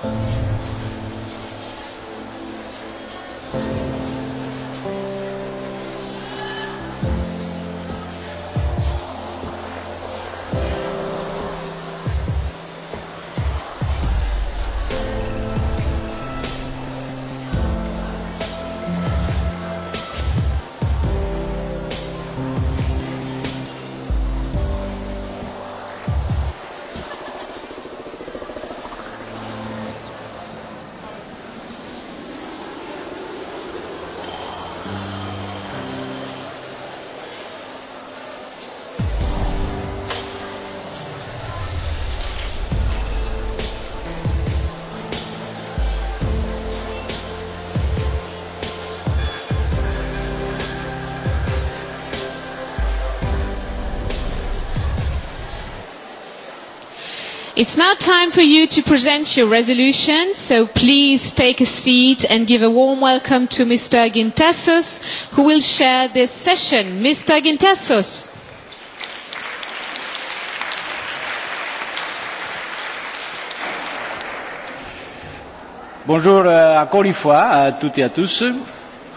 Υπότιτλοι AUTHORWAVE It's now time for you to present your resolution, so please take a seat and give a warm welcome to Mr. Gintasos, who will share this session. Mr. Gintasos. Bonjour encore une fois à toutes et à tous.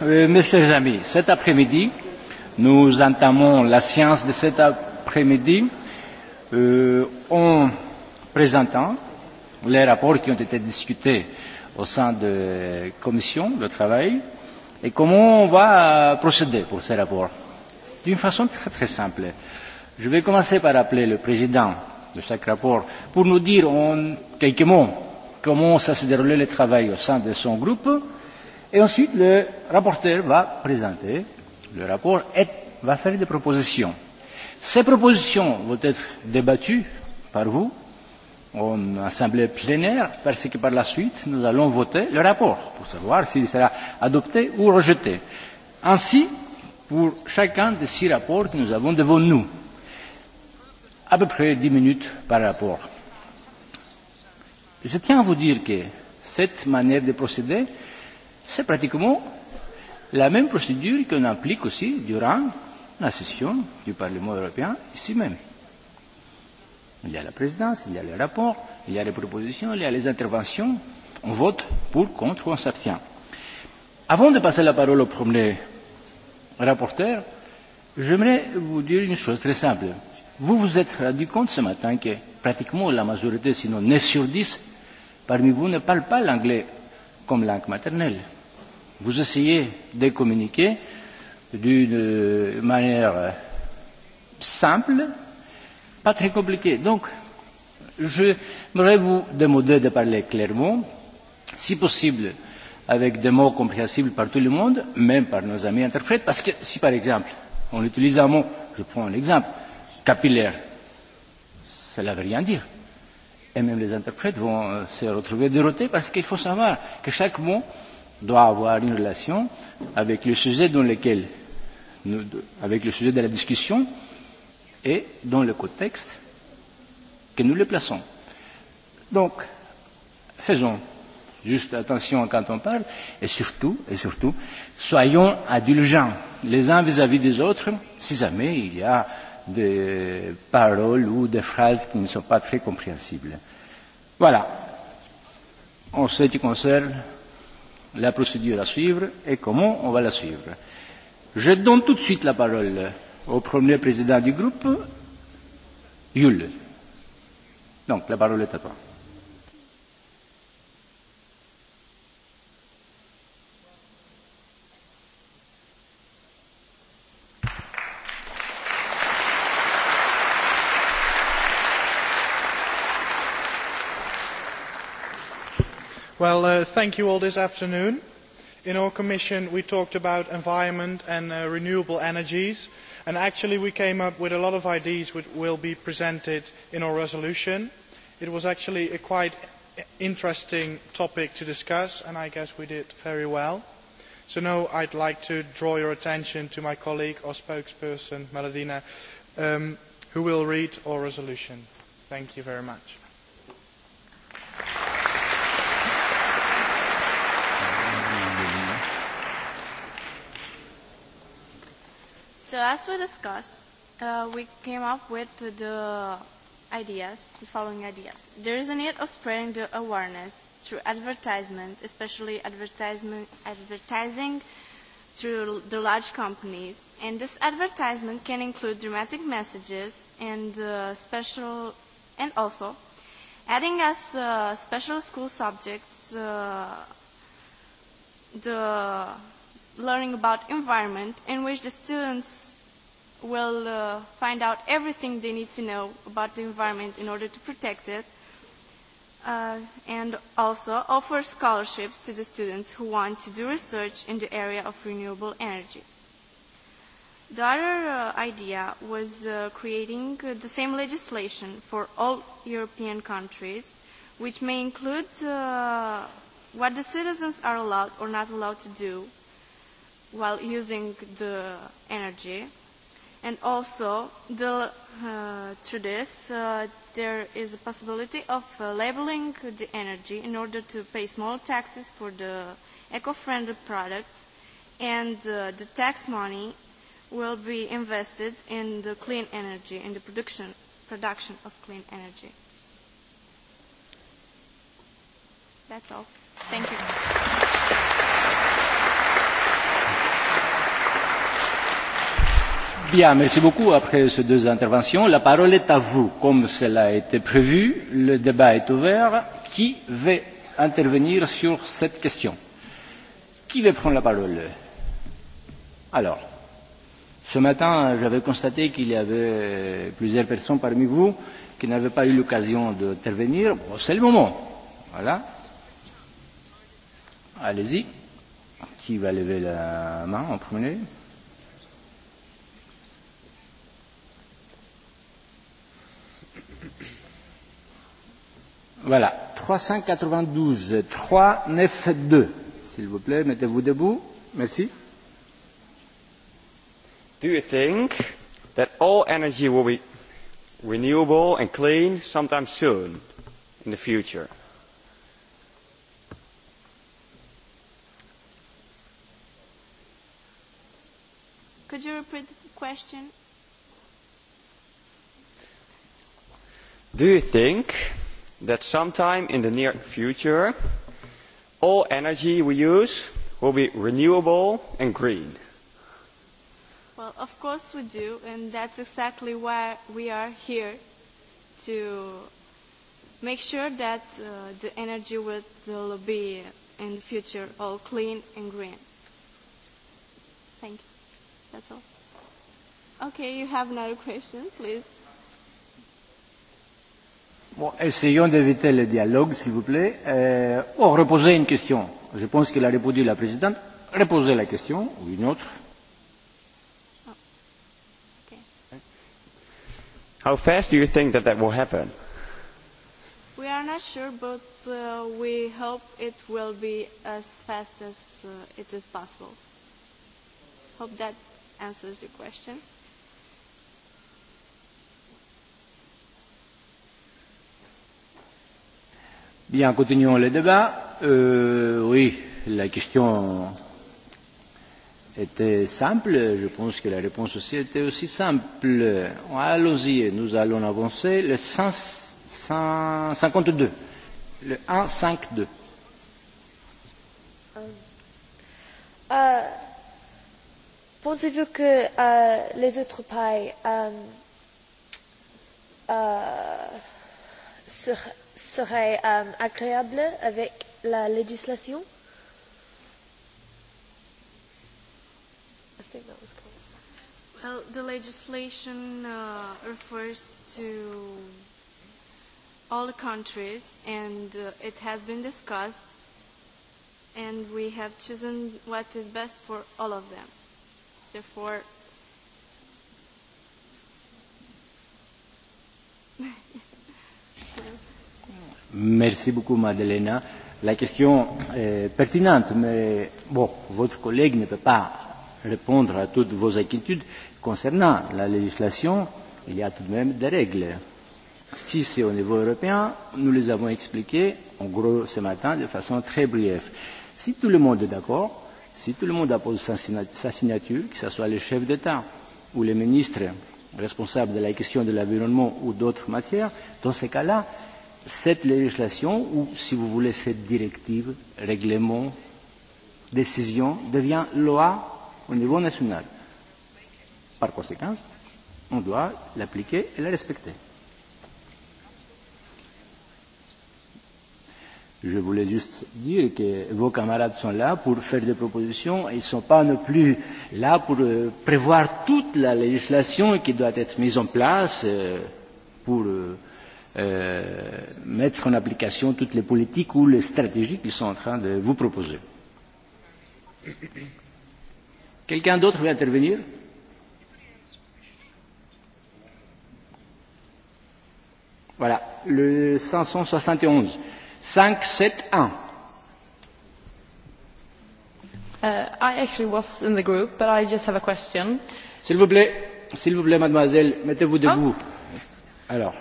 Mes chers amis, cet après-midi, nous entamons la science de cet après-midi. On présentant les rapports qui ont été discutés au sein de la commission de travail et comment on va procéder pour ces rapports. D'une façon très très simple. Je vais commencer par appeler le président de chaque rapport pour nous dire en quelques mots comment ça s'est déroulé le travail au sein de son groupe. Et ensuite, le rapporteur va présenter le rapport et va faire des propositions. Ces propositions vont être débattues par vous en assemblée plénière, parce que par la suite, nous allons voter le rapport pour savoir s'il sera adopté ou rejeté. Ainsi, pour chacun des six rapports que nous avons devant nous, à peu près dix minutes par rapport. Je tiens à vous dire que cette manière de procéder, c'est pratiquement la même procédure qu'on applique aussi durant la session du Parlement européen, ici même. Il y a la présidence, il y a les rapports, il y a les propositions, il y a les interventions. On vote pour, contre ou on s'abstient. Avant de passer la parole au premier rapporteur, j'aimerais vous dire une chose très simple. Vous vous êtes rendu compte ce matin que pratiquement la majorité, sinon 9 sur 10, parmi vous ne parle pas l'anglais comme langue maternelle. Vous essayez de communiquer d'une manière simple, pas très compliqué. Donc, je voudrais vous demander de parler clairement, si possible avec des mots compréhensibles par tout le monde, même par nos amis interprètes, parce que si par exemple on utilise un mot, je prends un exemple, capillaire, cela ne veut rien dire. Et même les interprètes vont se retrouver dérotés parce qu'il faut savoir que chaque mot doit avoir une relation avec le sujet dans lequel, avec le sujet de la discussion et dans le contexte que nous le plaçons. Donc, faisons juste attention quand on parle et surtout, et surtout, soyons indulgents les uns vis-à-vis des autres si jamais il y a des paroles ou des phrases qui ne sont pas très compréhensibles. Voilà. En ce qui concerne la procédure à suivre et comment on va la suivre. Je donne tout de suite la parole au premier président du groupe, Yule. Donc, la parole est à toi. Well, thank you all this afternoon in our commission we talked about environment and renewable energies and actually we came up with a lot of ideas which will be presented in our resolution. it was actually a quite interesting topic to discuss and i guess we did very well. so now i would like to draw your attention to my colleague our spokesperson ms who will read our resolution. thank you very much. So as we discussed, we came up with the ideas, the following ideas. There is a need of spreading the awareness through advertisement, especially advertisement, advertising through the large companies. And this advertisement can include dramatic messages and special, and also adding as special school subjects the learning about environment in which the students will find out everything they need to know about the environment in order to protect it and also offer scholarships to the students who want to do research in the area of renewable energy. The other idea was creating the same legislation for all European countries, which may include what the citizens are allowed or not allowed to do while using the energy. And also, through this, there is a possibility of labeling the energy in order to pay small taxes for the eco-friendly products, and the tax money will be invested in the clean energy, in the production production of clean energy. That's all. Thank you. merci beaucoup. Après ces deux interventions, la parole est à vous. Comme cela a été prévu, le débat est ouvert. Qui veut intervenir sur cette question Qui va prendre la parole Alors, ce matin, j'avais constaté qu'il y avait plusieurs personnes parmi vous qui n'avaient pas eu l'occasion d'intervenir. C'est le moment. Voilà. Allez-y. Qui va lever la main en premier Voilà, 392, 2. s'il vous plaît, mettez-vous debout. Merci. Do you think that all energy will be renewable and clean sometime soon in the future? Could you repeat the question? Do you think that sometime in the near future all energy we use will be renewable and green? Well, of course we do, and that's exactly why we are here to make sure that the energy will be in the future all clean and green. Thank you. That's all. Okay, you have another question, please. Bon, essayons d'éviter le dialogue, s'il vous plaît. Euh, oh, reposer une question. Je pense qu'il a répondu la présidente. Reposer la question, ou une autre. How fast do you think that that will happen? We are not sure, but uh, we hope it will be as fast as uh, it is possible. Hope that answers your question. Bien, continuons le débat. Euh, oui, la question était simple. Je pense que la réponse aussi était aussi simple. Allons-y, nous allons avancer. Le 52. Le 152. Euh, Pensez-vous que les autres pays euh, serait agréable avec la législation Well, the legislation refers to all the countries, and it has been discussed, and we have chosen what is best for all of them. Therefore, Merci beaucoup, Madalena. La question est pertinente, mais bon, votre collègue ne peut pas répondre à toutes vos inquiétudes concernant la législation. Il y a tout de même des règles. Si c'est au niveau européen, nous les avons expliquées, en gros, ce matin, de façon très brève. Si tout le monde est d'accord, si tout le monde appose sa signature, que ce soit les chefs d'État ou les ministres responsables de la question de l'environnement ou d'autres matières, dans ces cas-là, cette législation ou, si vous voulez, cette directive, règlement, décision devient loi au niveau national. Par conséquent, on doit l'appliquer et la respecter. Je voulais juste dire que vos camarades sont là pour faire des propositions. Ils ne sont pas non plus là pour prévoir toute la législation qui doit être mise en place pour mettre en application toutes les politiques ou les stratégies qu'ils sont en train de vous proposer. Quelqu'un d'autre veut intervenir Voilà, le 571. 571. Uh, I actually was in the group, but I just have a question. S'il vous plaît, s'il vous plaît, mademoiselle, mettez-vous debout. Alors.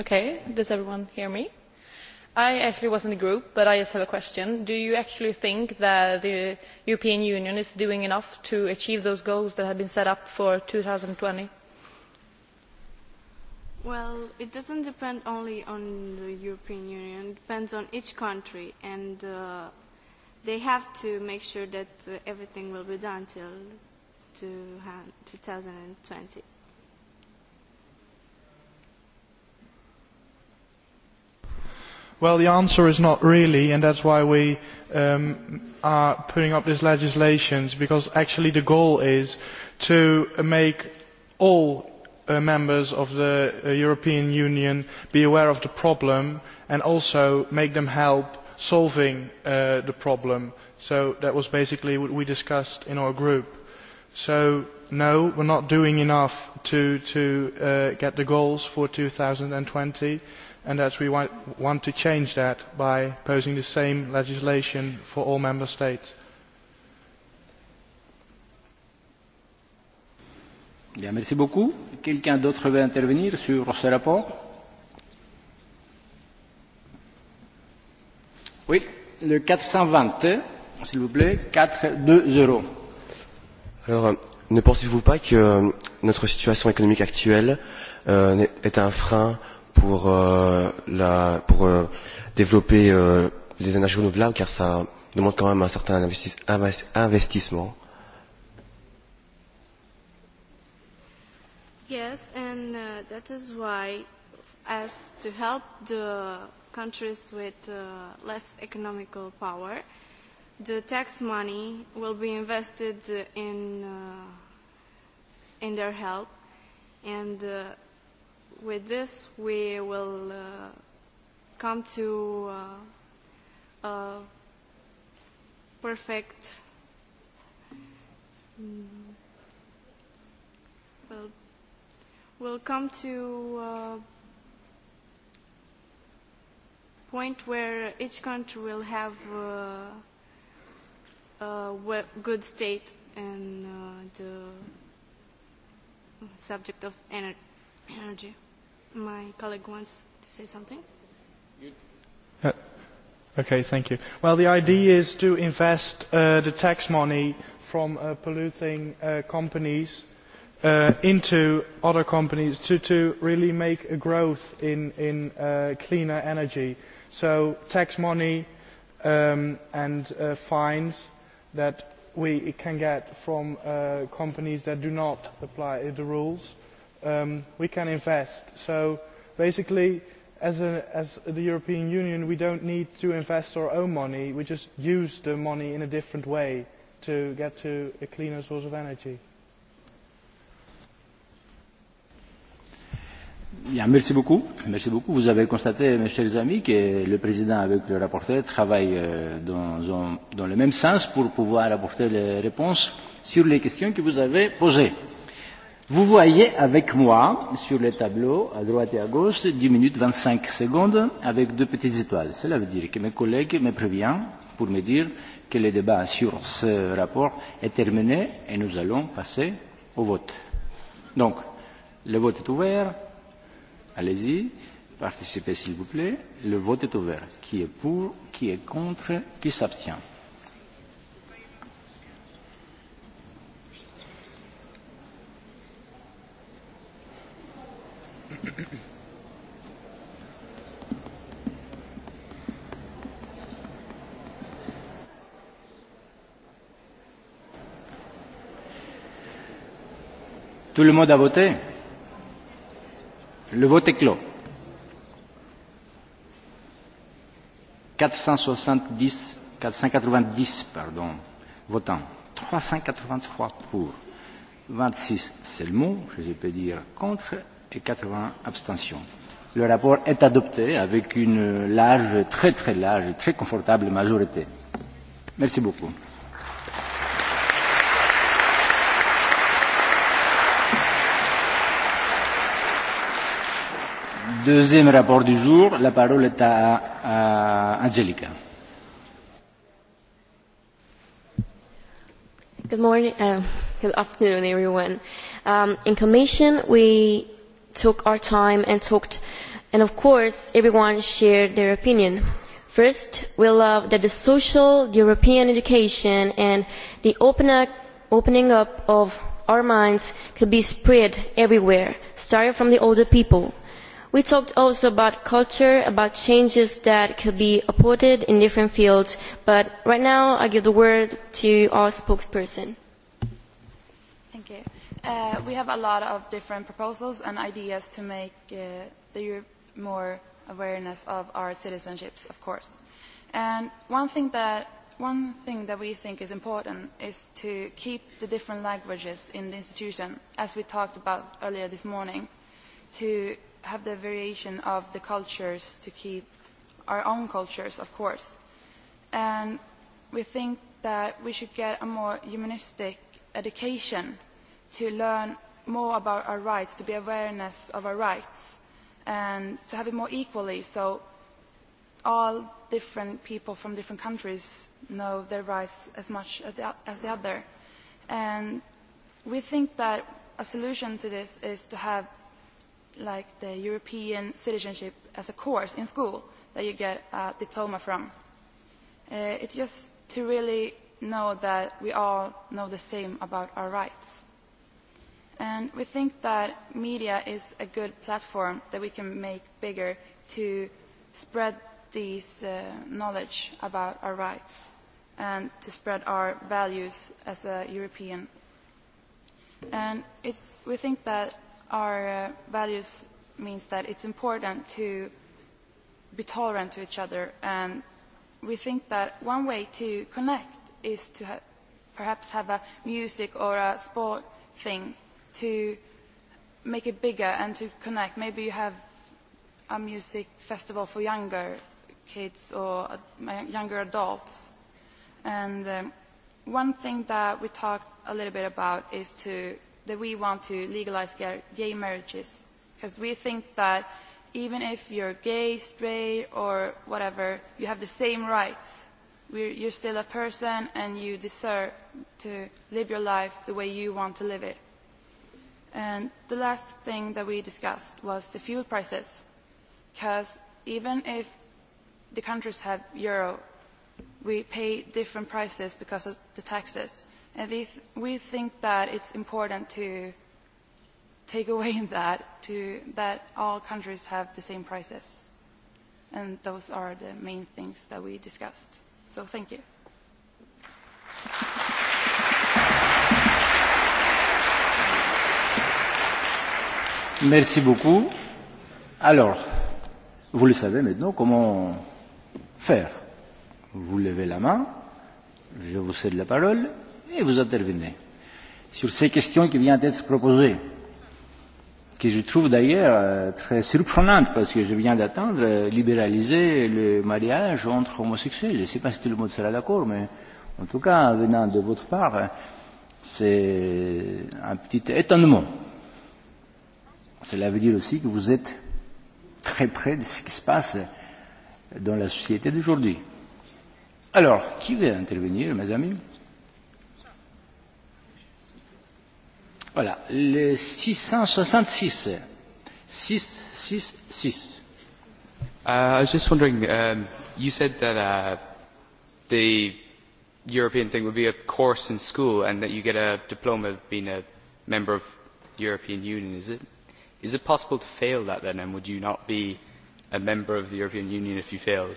Okay, does everyone hear me? I actually was in the group, but I just have a question. Do you actually think that the European Union is doing enough to achieve those goals that have been set up for 2020? Well, it doesn't depend only on the European Union. It depends on each country, and they have to make sure that everything will be done till 2020. Well, the answer is not really, and that is why we are putting up this legislation, because actually the goal is to make all members of the European Union be aware of the problem and also make them help solving the problem. So that was basically what we discussed in our group. So no, are not doing enough to get the goals for 2020 and that we want to change that by posing the same legislation for all member states. Bien, merci beaucoup. Quelqu'un d'autre veut intervenir sur ce rapport Oui, le 420, s'il vous plaît, 420. Alors, ne pensez-vous pas que notre situation économique actuelle est un frein pour la pour développer les énergies renouvelables car ça demande quand même un certain investissement. Yes, and that is why, as to help the countries with less economical power, the tax money will be invested in in their help and with this, we will come to a perfect well we'll come to a point where each country will have a good state and the subject of energy My colleague wants to say something. Okay, thank you. Well, the idea is to invest the tax money from polluting companies into other companies to really make a growth in cleaner energy. So tax money and fines that we can get from companies that do not apply the rules we can invest. So basically, as as the European Union, we don't need to invest our own money. We just use the money in a different way to get to a cleaner source of energy. Merci beaucoup. Merci beaucoup. Vous avez constaté, mes chers amis, que le président avec le rapporteur travaillent dans le même sens pour pouvoir apporter les réponses sur les questions que vous avez posées. Vous voyez avec moi sur le tableau, à droite et à gauche, 10 minutes 25 secondes avec deux petites étoiles. Cela veut dire que mes collègues me préviennent pour me dire que le débat sur ce rapport est terminé et nous allons passer au vote. Donc, le vote est ouvert. Allez-y, participez s'il vous plaît. Le vote est ouvert. Qui est pour, qui est contre, qui s'abstient Tout le monde a voté Le vote est clos. 470, 490 pardon, votants, 383 pour, 26 seulement, je peux dire contre, et 80 abstentions. Le rapport est adopté avec une large, très très large, très confortable majorité. Merci beaucoup. Deuxième rapport du jour, la parole est à, à Angelica. Good morning, uh, good afternoon everyone. Um, in commission we took our time and talked and of course everyone shared their opinion. First, we love that the social, the European education and the opening up of our minds could be spread everywhere, starting from the older people. We talked also about culture, about changes that could be apported in different fields, but right now I give the word to our spokesperson. We have a lot of different proposals and ideas to make the Europe more awareness of our citizenships, of course. And one thing that we think is important is to keep the different languages in the institution, as we talked about earlier this morning, to have the variation of the cultures, to keep our own cultures, of course. And we think that we should get a more humanistic education to learn more about our rights, to be awareness of our rights, and to have it more equally so all different people from different countries know their rights as much as the other. And we think that a solution to this is to have like the European citizenship as a course in school that you get a diploma from. It's just to really know that we all know the same about our rights and we think that media is a good platform that we can make bigger to spread this knowledge about our rights and to spread our values as a European. And it's, we think that our values means that it's important to be tolerant to each other and we think that one way to connect is to perhaps have a music or a sport thing to make it bigger and to connect. Maybe you have a music festival for younger kids or younger adults. And one thing that we talked a little bit about is to that we want to legalize gay marriages because we think that even if you're gay, straight or whatever, you have the same rights. You're still a person and you deserve to live your life the way you want to live it. And the last thing that we discussed was the fuel prices, because even if the countries have euro, we pay different prices because of the taxes. And we think that it's important to take away that, to that all countries have the same prices. And those are the main things that we discussed. So thank you. Merci beaucoup. Alors, vous le savez maintenant comment faire. Vous levez la main, je vous cède la parole et vous intervenez sur ces questions qui viennent d'être proposées, que je trouve d'ailleurs très surprenantes parce que je viens d'attendre libéraliser le mariage entre homosexuels. Je ne sais pas si tout le monde sera d'accord, mais en tout cas, venant de votre part, c'est un petit étonnement. Cela veut dire aussi que vous êtes très près de ce qui se passe dans la société d'aujourd'hui. Alors, qui veut intervenir, mes amis Voilà, le 666. 666. Uh, I was just wondering, um, you said that uh, the European thing would be a course in school and that you get a diploma of being a member of the European Union, is it? Is it possible to fail that then, and would you not be a member of the European Union if you failed?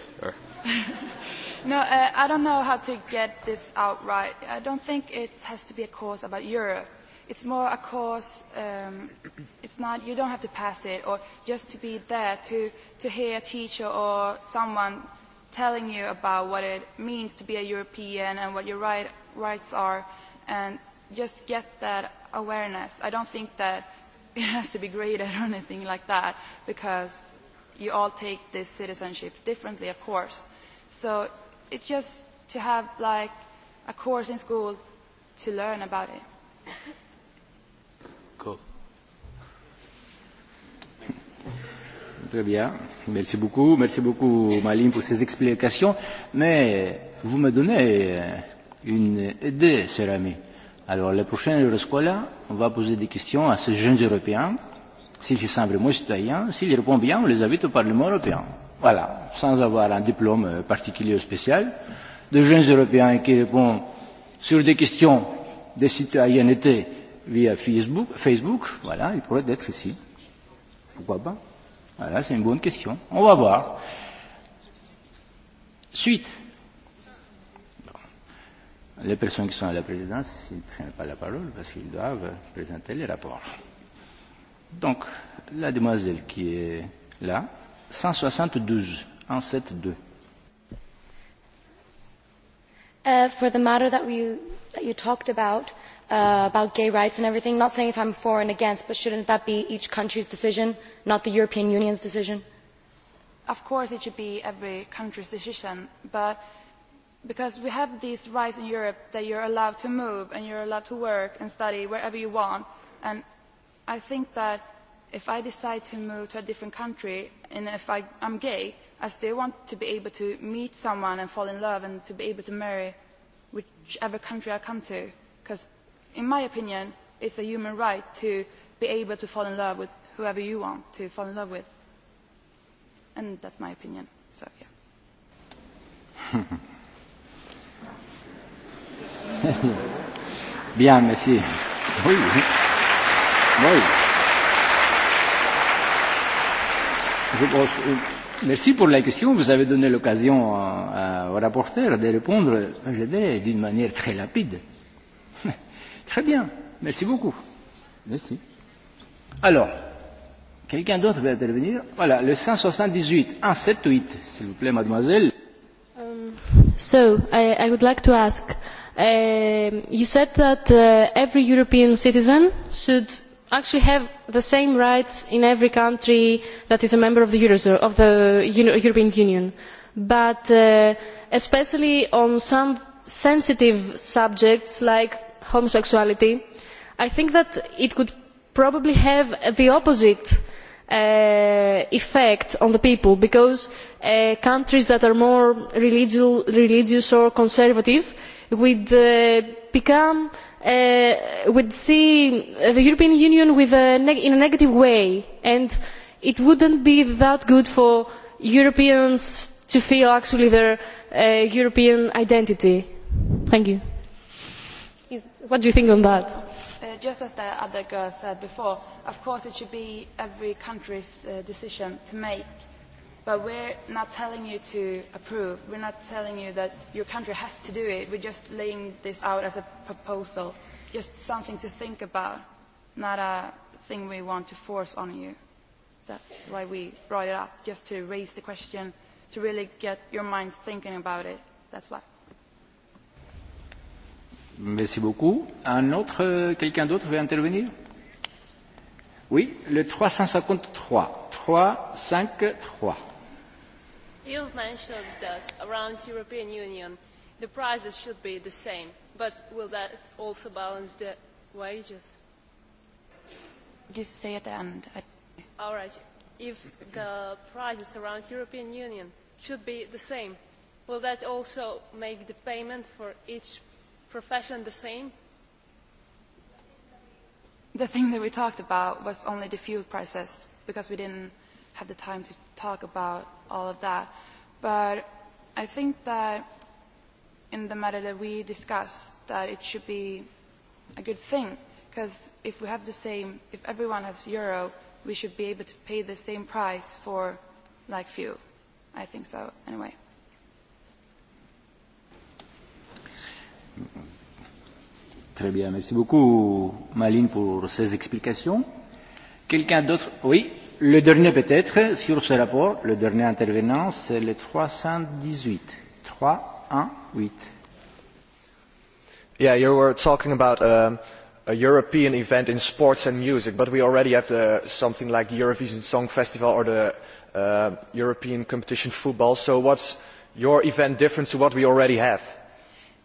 No, I don't know how to get this out right. I don't think it has to be a course about Europe. It's more a course. It's not. You don't have to pass it, or just to be there to to hear a teacher or someone telling you about what it means to be a European and what your rights are, and just get that awareness. I don't think that it has to be graded or anything like that because you all take these citizenships differently, of course. So it's just to have like a course in school to learn about it. Cool. Très bien. Merci beaucoup. Merci beaucoup, Maline, pour ces explications. Mais vous me donnez une idée, cher ami Alors, le prochain Euroscola, on va poser des questions à ces jeunes Européens. S'ils se sentent vraiment citoyens, s'ils répondent bien, on les invite au Parlement européen. Voilà, sans avoir un diplôme particulier ou spécial. De jeunes Européens qui répondent sur des questions de citoyenneté via Facebook, Facebook voilà, ils pourraient être ici. Pourquoi pas Voilà, c'est une bonne question. On va voir. Suite les personnes qui sont à la présidence, ils ne prennent pas la parole parce qu'ils doivent présenter les rapports. Donc, la demoiselle qui est là, 172, 172. Uh, for the matter that, we, that you talked about, uh, about gay rights and everything, not saying if I'm for and against, but shouldn't that be each country's decision, not the European Union's decision? Of course it should be every country's decision, but because we have these rights in Europe that you're allowed to move and you're allowed to work and study wherever you want. And I think that if I decide to move to a different country and if I, I'm gay, I still want to be able to meet someone and fall in love and to be able to marry whichever country I come to. Because in my opinion, it's a human right to be able to fall in love with whoever you want to fall in love with. And that's my opinion. So, yeah. Bien, merci. Oui. Oui. Je pense, merci pour la question. Vous avez donné l'occasion au rapporteur de répondre, je dirais, d'une manière très rapide. Très bien. Merci beaucoup. Merci. Alors, quelqu'un d'autre veut intervenir Voilà, le 178, 178, s'il vous plaît, mademoiselle. Um, so, I, I would like to ask, You said that every European citizen should actually have the same rights in every country that is a member of the European Union. But especially on some sensitive subjects like homosexuality, I think that it could probably have the opposite effect on the people because countries that are more religious or conservative would become would see the European Union in a negative way and it wouldn't be that good for Europeans to feel actually their European identity. Thank you. What do you think on that? Just as the other girl said before, of course it should be every country's decision to make But we're not telling you to approve. We're not telling you that your country has to do it. We're just laying this out as a proposal, just something to think about, not a thing we want to force on you. That's why we brought it up, just to raise the question, to really get your minds thinking about it. That's why. Merci beaucoup. Un autre, quelqu'un d'autre veut intervenir Oui, le 353. 353. You've mentioned that around European Union the prices should be the same, but will that also balance the wages? Just say it end All right. If the prices around European Union should be the same, will that also make the payment for each profession the same? The thing that we talked about was only the fuel prices, because we didn't have the time to talk about all of that. But I think that in the matter that we discussed, that it should be a good thing, because if we have the same, if everyone has euro, we should be able to pay the same price for like fuel. I think so, anyway. Très bien, merci beaucoup Maline pour ces explications. Quelqu'un d'autre Oui Le dernier peut-être sur ce rapport, le dernier intervenant, c'est le 318. 318. Yeah, you were talking about a, a European event in sports and music, but we already have the, something like the Eurovision Song Festival or the uh, European competition football. So what's your event different to what we already have?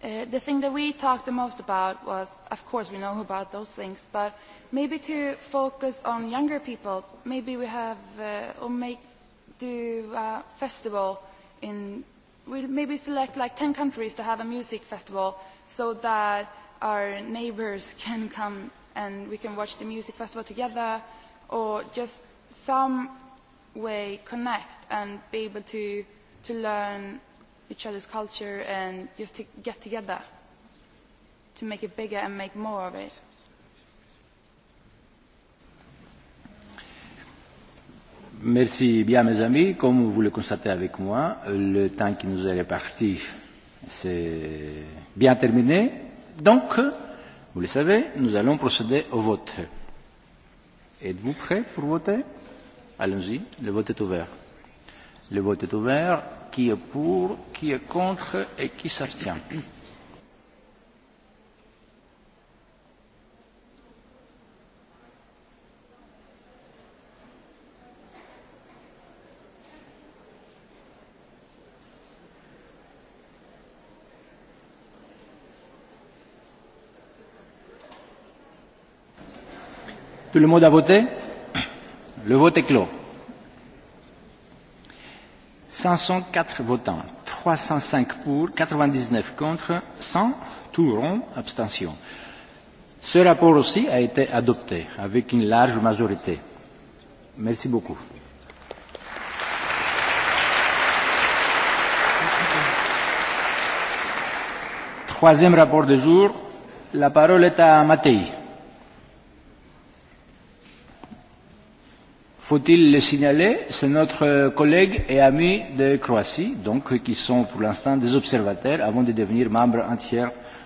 Uh, the thing that we talked the most about was, of course, we know about those things, but Maybe to focus on younger people, maybe we have or make do a festival in we maybe select like 10 countries to have a music festival so that our neighbors can come and we can watch the music festival together or just some way connect and be able to to learn each other's culture and just to get together to make it bigger and make more of it. Merci bien mes amis. Comme vous le constatez avec moi, le temps qui nous est réparti c'est bien terminé. Donc, vous le savez, nous allons procéder au vote. Êtes-vous prêts pour voter Allons-y, le vote est ouvert. Le vote est ouvert. Qui est pour, qui est contre et qui s'abstient le monde a voté Le vote est clos. 504 votants, 305 pour, 99 contre, 100 tout rond, abstention. Ce rapport aussi a été adopté avec une large majorité. Merci beaucoup. Troisième rapport du jour. La parole est à Mattei. Faut-il le signaler C'est notre collègue et ami de Croatie, donc qui sont pour l'instant des observateurs avant de devenir membres entiers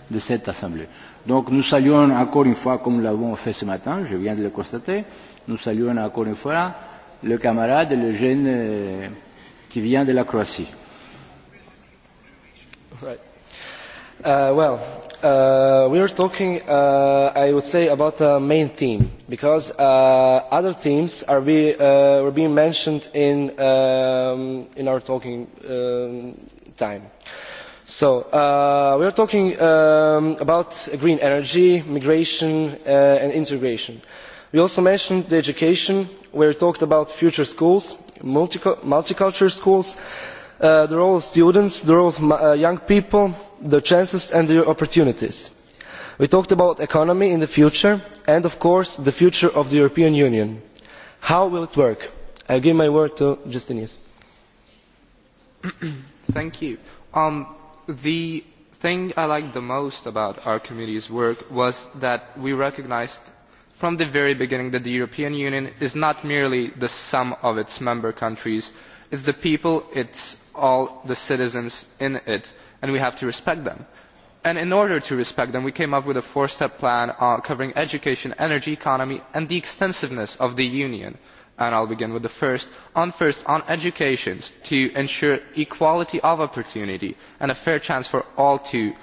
de cette Assemblée. Donc nous saluons encore une fois, comme nous l'avons fait ce matin, je viens de le constater, nous saluons encore une fois le camarade, le jeune qui vient de la Croatie. Well, we are talking, I would say, about the main theme, because other themes are being mentioned in in our talking time. So we are talking about green energy, migration and integration. We also mentioned the education, where we talked about future schools, multicultural schools, the role of students, the role of young people the chances and the opportunities. We talked about economy in the future and, of course, the future of the European Union. How will it work? I give my word to Justinius. Thank you. The thing I liked the most about our committee's work was that we recognised from the very beginning that the European Union is not merely the sum of its member countries, it's the people, it's all the citizens in it and we have to respect them. And in order to respect them, we came up with a four-step plan covering education, energy, economy, and the extensiveness of the union. And I'll begin with the first. On first, on education, to ensure equality of opportunity and a fair chance for all to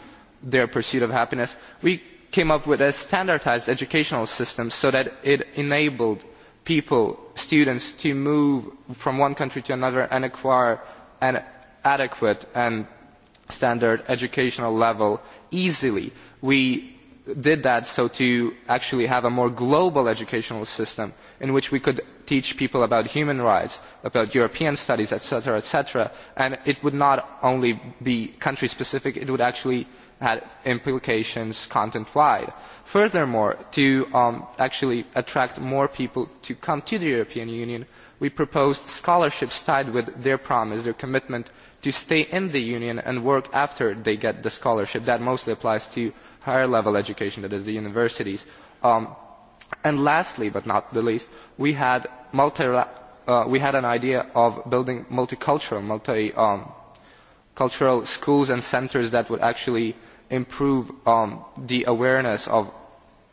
their pursuit of happiness, we came up with a standardized educational system so that it enabled people, students, to move from one country to another and acquire an adequate and standard educational level easily. We did that so to actually have a more global educational system in which we could teach people about human rights, about European studies, etc., etc. And it would not only be country-specific, it would actually have implications content-wide. Furthermore, to actually attract more people to come to the European Union, we proposed scholarships tied with their promise, their commitment to stay in the union and work after they get the scholarship. That mostly applies to higher level education, that is the universities. And lastly, but not the least, we had we had an idea of building multicultural, multicultural schools and centers that would actually improve the awareness of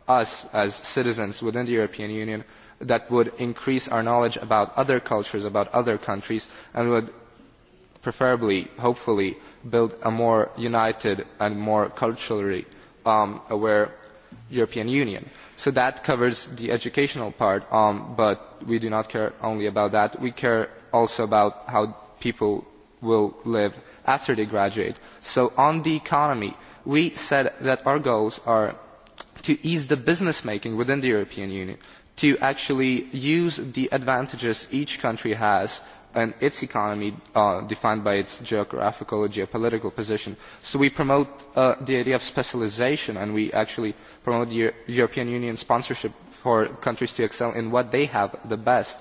us as citizens within the European Union, that would increase our knowledge about other cultures, about other countries, and would preferably, hopefully, build a more united and more culturally aware European Union. So that covers the educational part, but we do not care only about that. We care also about how people will live after they graduate. So on the economy, we said that our goals are to ease the business making within the European Union, to actually use the advantages each country has and its economy defined by its geographical or geopolitical position. So we promote the idea of specialisation and we actually promote the European Union sponsorship for countries to excel in what they have the best.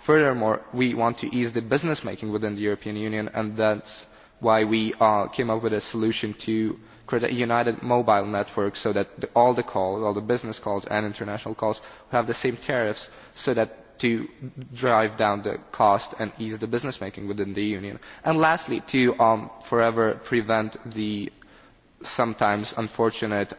Furthermore, we want to ease the business making within the European Union and that's why we came up with a solution to create a united mobile network so that all the calls, all the business calls and international calls have the same tariffs so that to drive down the cost and ease the business making within the union. And lastly, to forever prevent the sometimes unfortunate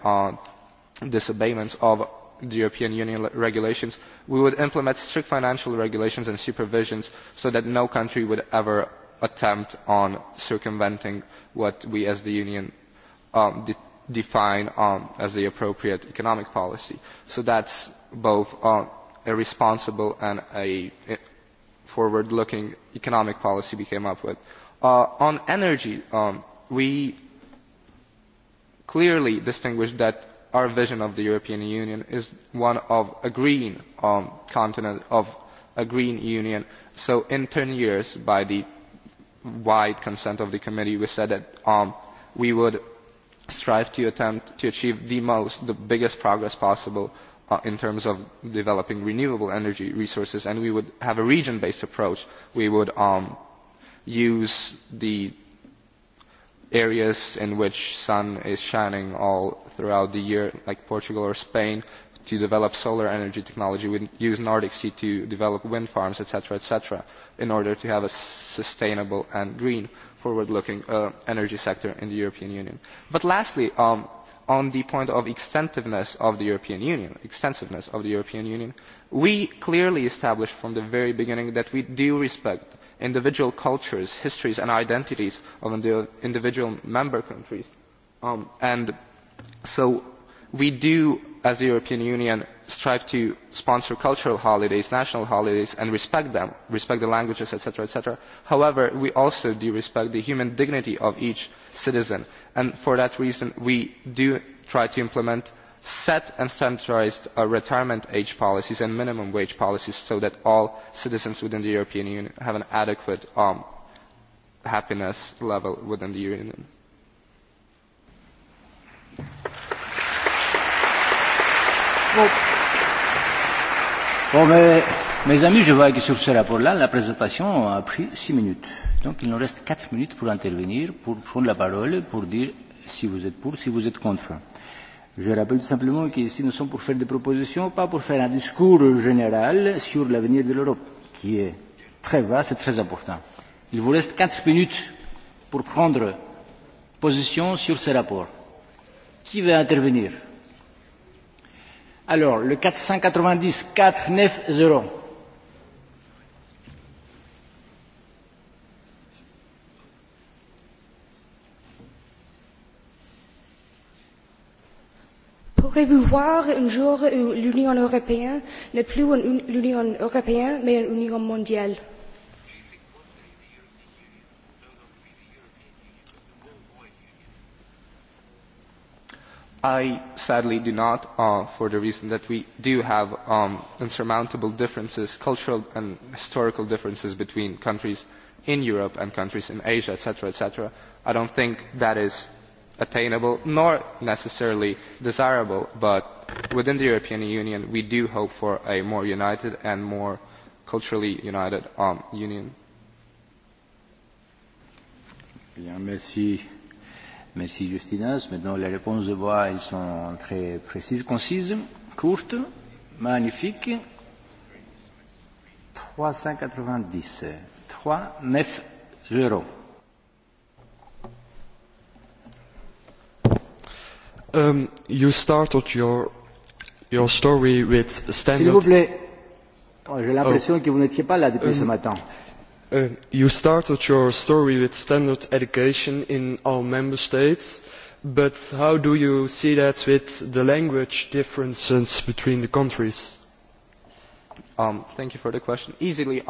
disobeyments of the European Union regulations, we would implement strict financial regulations and supervisions so that no country would ever attempt on circumventing what we as the Union define as the appropriate economic policy. So that's both a responsible and a forward-looking economic policy we came up with. On energy, we clearly distinguished that our vision of the European Union is one of a green continent, of a green union. So in 10 years, by the wide consent of the committee, we said that we would strive to attempt to achieve the most, the biggest progress possible in terms of developing renewable energy resources, and we would have a region-based approach. We would use the areas in which sun is shining all throughout the year, like Portugal or Spain, to develop solar energy technology. We use Nordic Sea to develop wind farms, etc., etc., in order to have a sustainable and green, forward-looking energy sector in the European Union. But lastly, um on the point of extensiveness of the European Union, extensiveness of the European Union, we clearly established from the very beginning that we do respect individual cultures, histories and identities of individual member countries, and so we do as the European Union, strive to sponsor cultural holidays, national holidays, and respect them, respect the languages, etc., etc. However, we also do respect the human dignity of each citizen, and for that reason, we do try to implement set and standardised retirement age policies and minimum wage policies so that all citizens within the European Union have an adequate happiness level within the Union. Bon, mais, mes amis, je vois que sur ce rapport-là, la présentation a pris six minutes. Donc, il nous reste quatre minutes pour intervenir, pour prendre la parole, pour dire si vous êtes pour, si vous êtes contre. Je rappelle tout simplement qu'ici, nous sommes pour faire des propositions, pas pour faire un discours général sur l'avenir de l'Europe, qui est très vaste et très important. Il vous reste quatre minutes pour prendre position sur ce rapport. Qui veut intervenir? Alors, le 490, quatre neuf Pourrez-vous voir un jour où l'Union européenne n'est plus une Union européenne, mais une Union mondiale I sadly do not, for the reason that we do have insurmountable differences, cultural and historical differences between countries in Europe and countries in Asia, etc., etc. I don't think that is attainable nor necessarily desirable, but within the European Union we do hope for a more united and more culturally united Union. Merci Justinas. Maintenant, les réponses de voix, elles sont très précises, concises, courtes, magnifiques. 390. 3, 9, 0. Um, you started your, your story with standard... S'il vous plaît, j'ai l'impression que vous n'étiez pas là depuis ce matin. You started your story with standard education in all member states, but how do you see that with the language differences between the countries? Thank you for the question. Easily,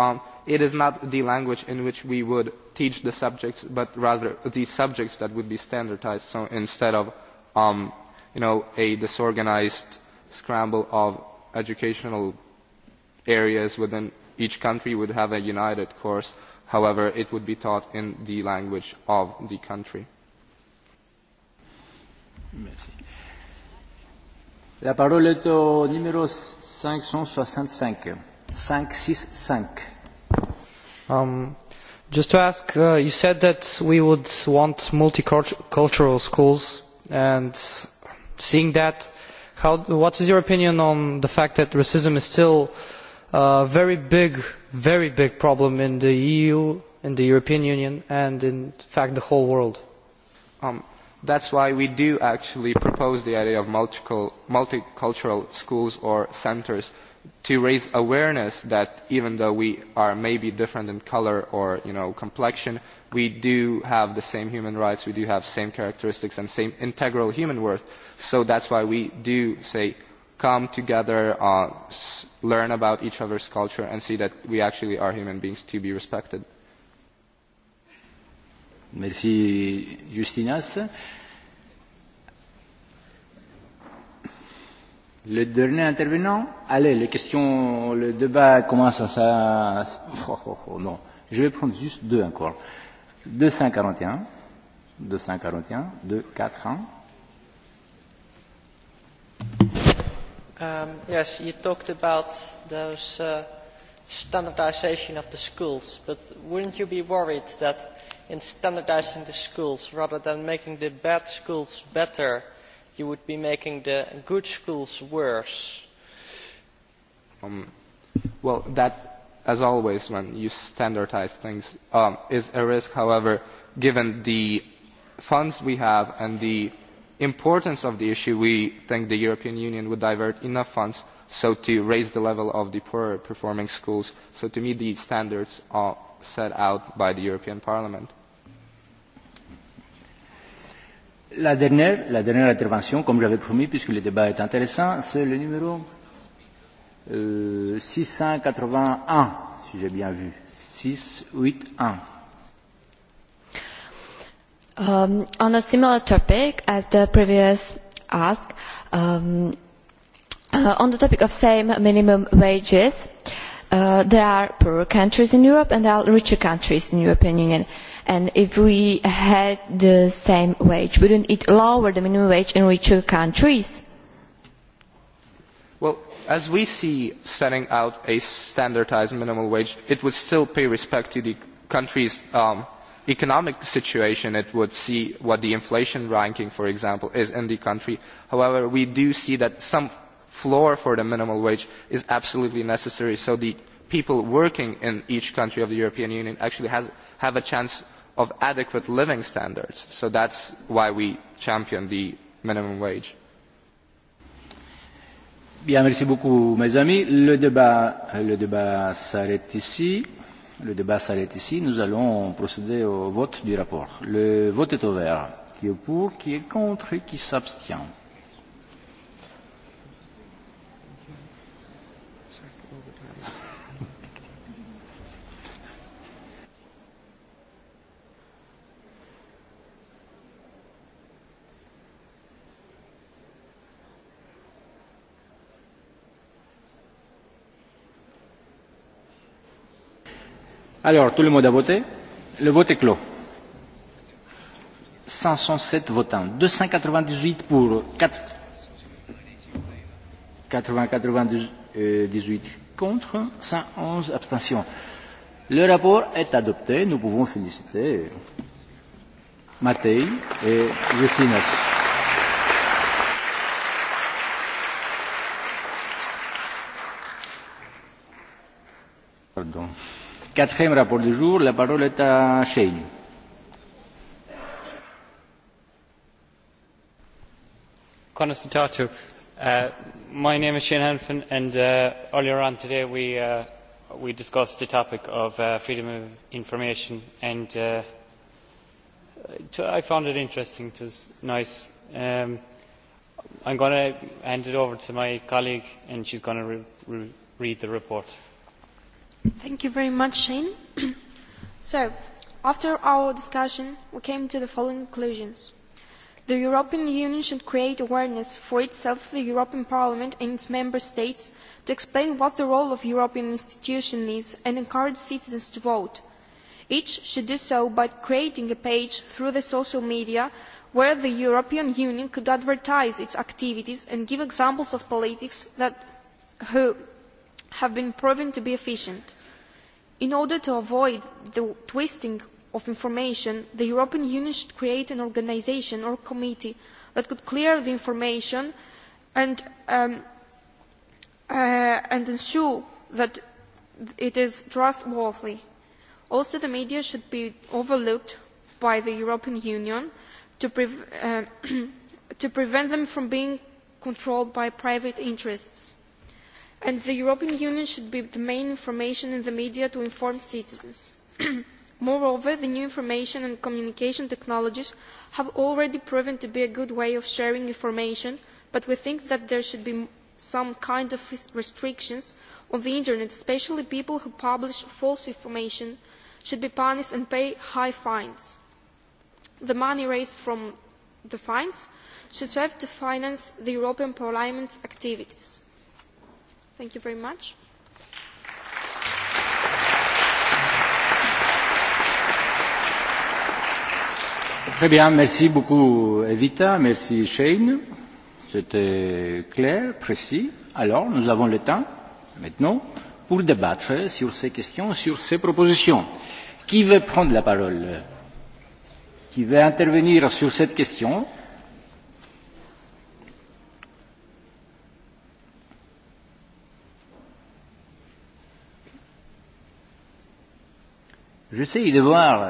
it is not the language in which we would teach the subjects, but rather the subjects that would be standardized. So instead of, a disorganized scramble of educational areas within each country would have a united course however it would be taught in the language of the country la parole est au numéro 565 um just to ask you said that we would want multicultural schools and seeing that how what is your opinion on the fact that racism is still a very big, very big problem in the EU, in the European Union, and in fact the whole world. That's why we do actually propose the idea of multicultural schools or centres, to raise awareness that even though we are maybe different in colour or you know complexion, we do have the same human rights, we do have same characteristics and same integral human worth. So that's why we do say come together, uh, learn about each other's culture, and see that we actually are human beings to be respected. Merci, Justinas. Le dernier intervenant Allez, les questions, le débat commence à ça. Oh, non, je vais prendre juste deux encore. 241, 241, 241. Yes, you talked about those standardisation of the schools, but wouldn't you be worried that in standardising the schools, rather than making the bad schools better, you would be making the good schools worse? Well, that, as always, when you standardise things, is a risk. However, given the funds we have and the importance of the issue, we think the European Union would divert enough funds so to raise the level of the poorer performing schools, so to meet the standards set out by the European Parliament. La dernière, la dernière intervention, comme j'avais promis, puisque le débat est intéressant, c'est le numéro euh, 681, si j'ai bien vu. 681. On a similar topic as the previous ask, on the topic of same minimum wages, there are poorer countries in Europe and there are richer countries in the European Union. And if we had the same wage, wouldn't it lower the minimum wage in richer countries? Well, as we see setting out a standardized minimum wage, it would still pay respect to the countries economic situation, it would see what the inflation ranking, for example, is in the country. However, we do see that some floor for the minimum wage is absolutely necessary so the people working in each country of the European Union actually have a chance of adequate living standards. So that's why we champion the minimum wage. Le débat s'arrête ici. Nous allons procéder au vote du rapport. Le vote est ouvert. Qui est pour, qui est contre qui s'abstient Alors, tout le monde a voté. Le vote est clos. 507 votants. 298 pour, 98 contre, 111 abstentions. Le rapport est adopté. Nous pouvons féliciter Matei et Justinas. Pardon. Quatrième rapport jour, la parole est à My name is Shane Hanfin and earlier on today we we discussed the topic of freedom of information and I found it interesting, it was nice. Um, I'm going to hand it over to my colleague and she's going to read the report. Thank you Shane. So, after our discussion, we came to the following conclusions. The European Union should create awareness for itself, the European Parliament and its member states to explain what the role of European institutions is and encourage citizens to vote. Each should do so by creating a page through the social media where the European Union could advertise its activities and give examples of politics that have been proven to be efficient. In order to avoid the twisting of information, the European Union should create an organisation or committee that could clear the information and ensure that it is trustworthy. Also, the media should be overlooked by the European Union to prevent them from being controlled by private interests and the European Union should be the main information in the media to inform citizens. Moreover, the new information and communication technologies have already proven to be a good way of sharing information, but we think that there should be some kind of restrictions on the Internet, especially people who publish false information should be punished and pay high fines. The money raised from the fines should serve to finance the European Parliament's activities. Thank you very much. Très bien, merci beaucoup Evita, merci Shane. C'était clair, précis. Alors, nous avons le temps, maintenant, pour débattre sur ces questions, sur ces propositions. Qui veut prendre la parole Qui veut intervenir sur cette question J'essaye de voir,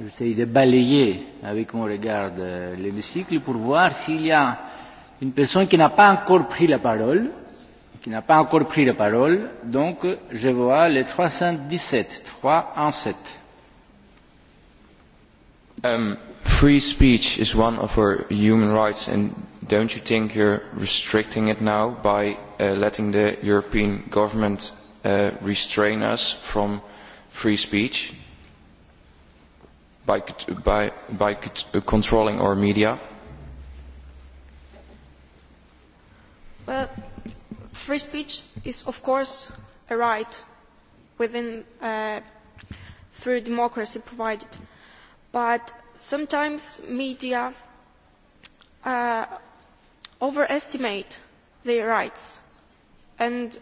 j'essaye de balayer avec mon regard l'hémicycle pour voir s'il y a une personne qui n'a pas encore pris la parole, qui n'a pas encore pris la parole, donc je vois le 317, 317. Um, free speech is one of our human rights and don't you think you're restricting it now by letting the European government restrain us from free speech? by controlling our media? Well, free speech is of course a right within through democracy provided, but sometimes media overestimate their rights and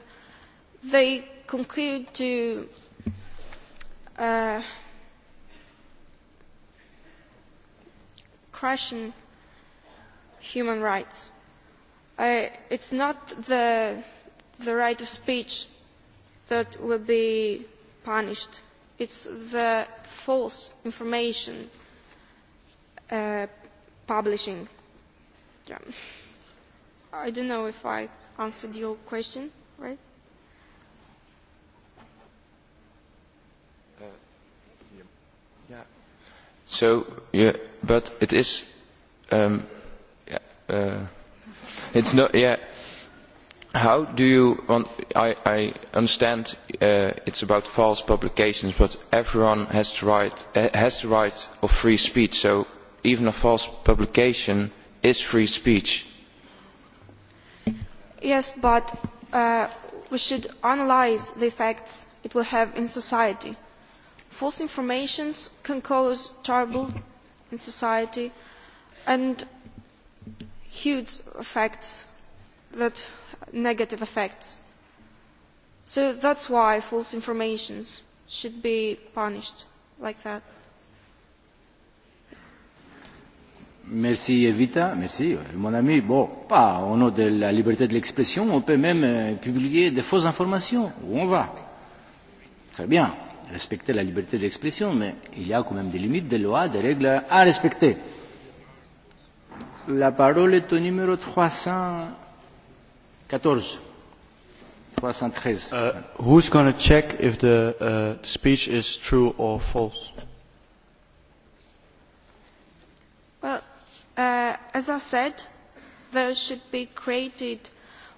they conclude to crushing human rights. It's not the right of speech that will be punished. It's the false information publishing. I don't know if I answered your question, right? So, but it is, it's not, yeah. How do you want? I understand it's about false publications, but everyone has the right has the right of free speech. So even a false publication is free speech. Yes, but we should analyse the effects it will have in society False information can cause trouble in society and huge effects, that negative effects. So that's why false information should be punished like that. Merci Evita, merci mon ami. Bon, pas au nom de la liberté de l'expression, on peut même publier des fausses informations. Où on va Très bien respecter la liberté d'expression, mais il y a quand même des limites, des lois, des règles à respecter. La parole est au numéro 314. 313. Uh, who's going to check if the uh, speech is true or false? Well, uh, as I said, there should be created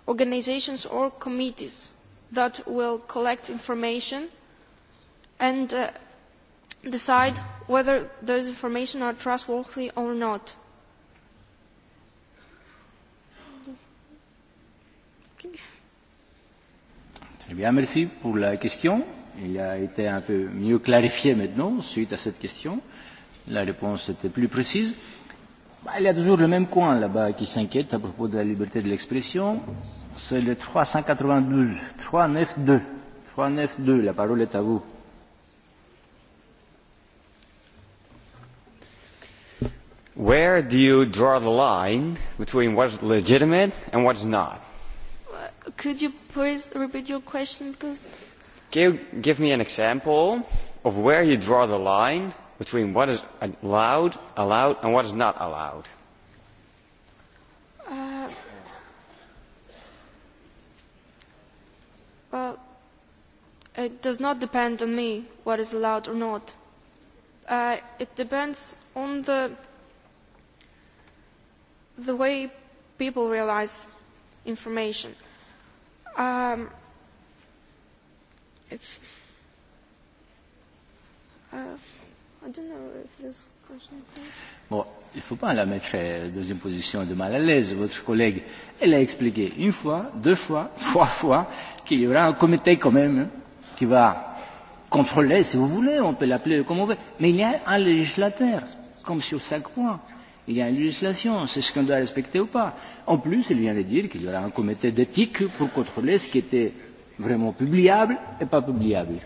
organizations or committees that will collect information and decide whether those information are trustworthy or not. Très bien, merci pour la question. Il a été un peu mieux clarifié maintenant suite à cette question. La réponse était plus précise. Il y a toujours le même coin là-bas qui s'inquiète à propos de la liberté de l'expression. C'est le 392, 392. 392, la parole est à vous. where do you draw the line between what is legitimate and what is not? Could you please repeat your question? Can you give me an example of where you draw the line between what is allowed, allowed, and what is not allowed? Well, it does not depend on me what is allowed or not. It depends on the the way people realize information. Um, it's. Uh, I don't know if this question. Bon, il ne faut pas la mettre deuxième deuxième position de mal à l'aise, votre collègue. Elle a expliqué une fois, deux fois, trois fois qu'il y aura un comité quand même qui va contrôler, si vous voulez, on peut l'appeler comme on veut. Mais il y a un législateur, comme sur cinq points Il y a une législation, c'est ce qu'on doit respecter ou pas. En plus, il vient de dire qu'il y aura un comité d'éthique pour contrôler ce qui était vraiment publiable et pas publiable.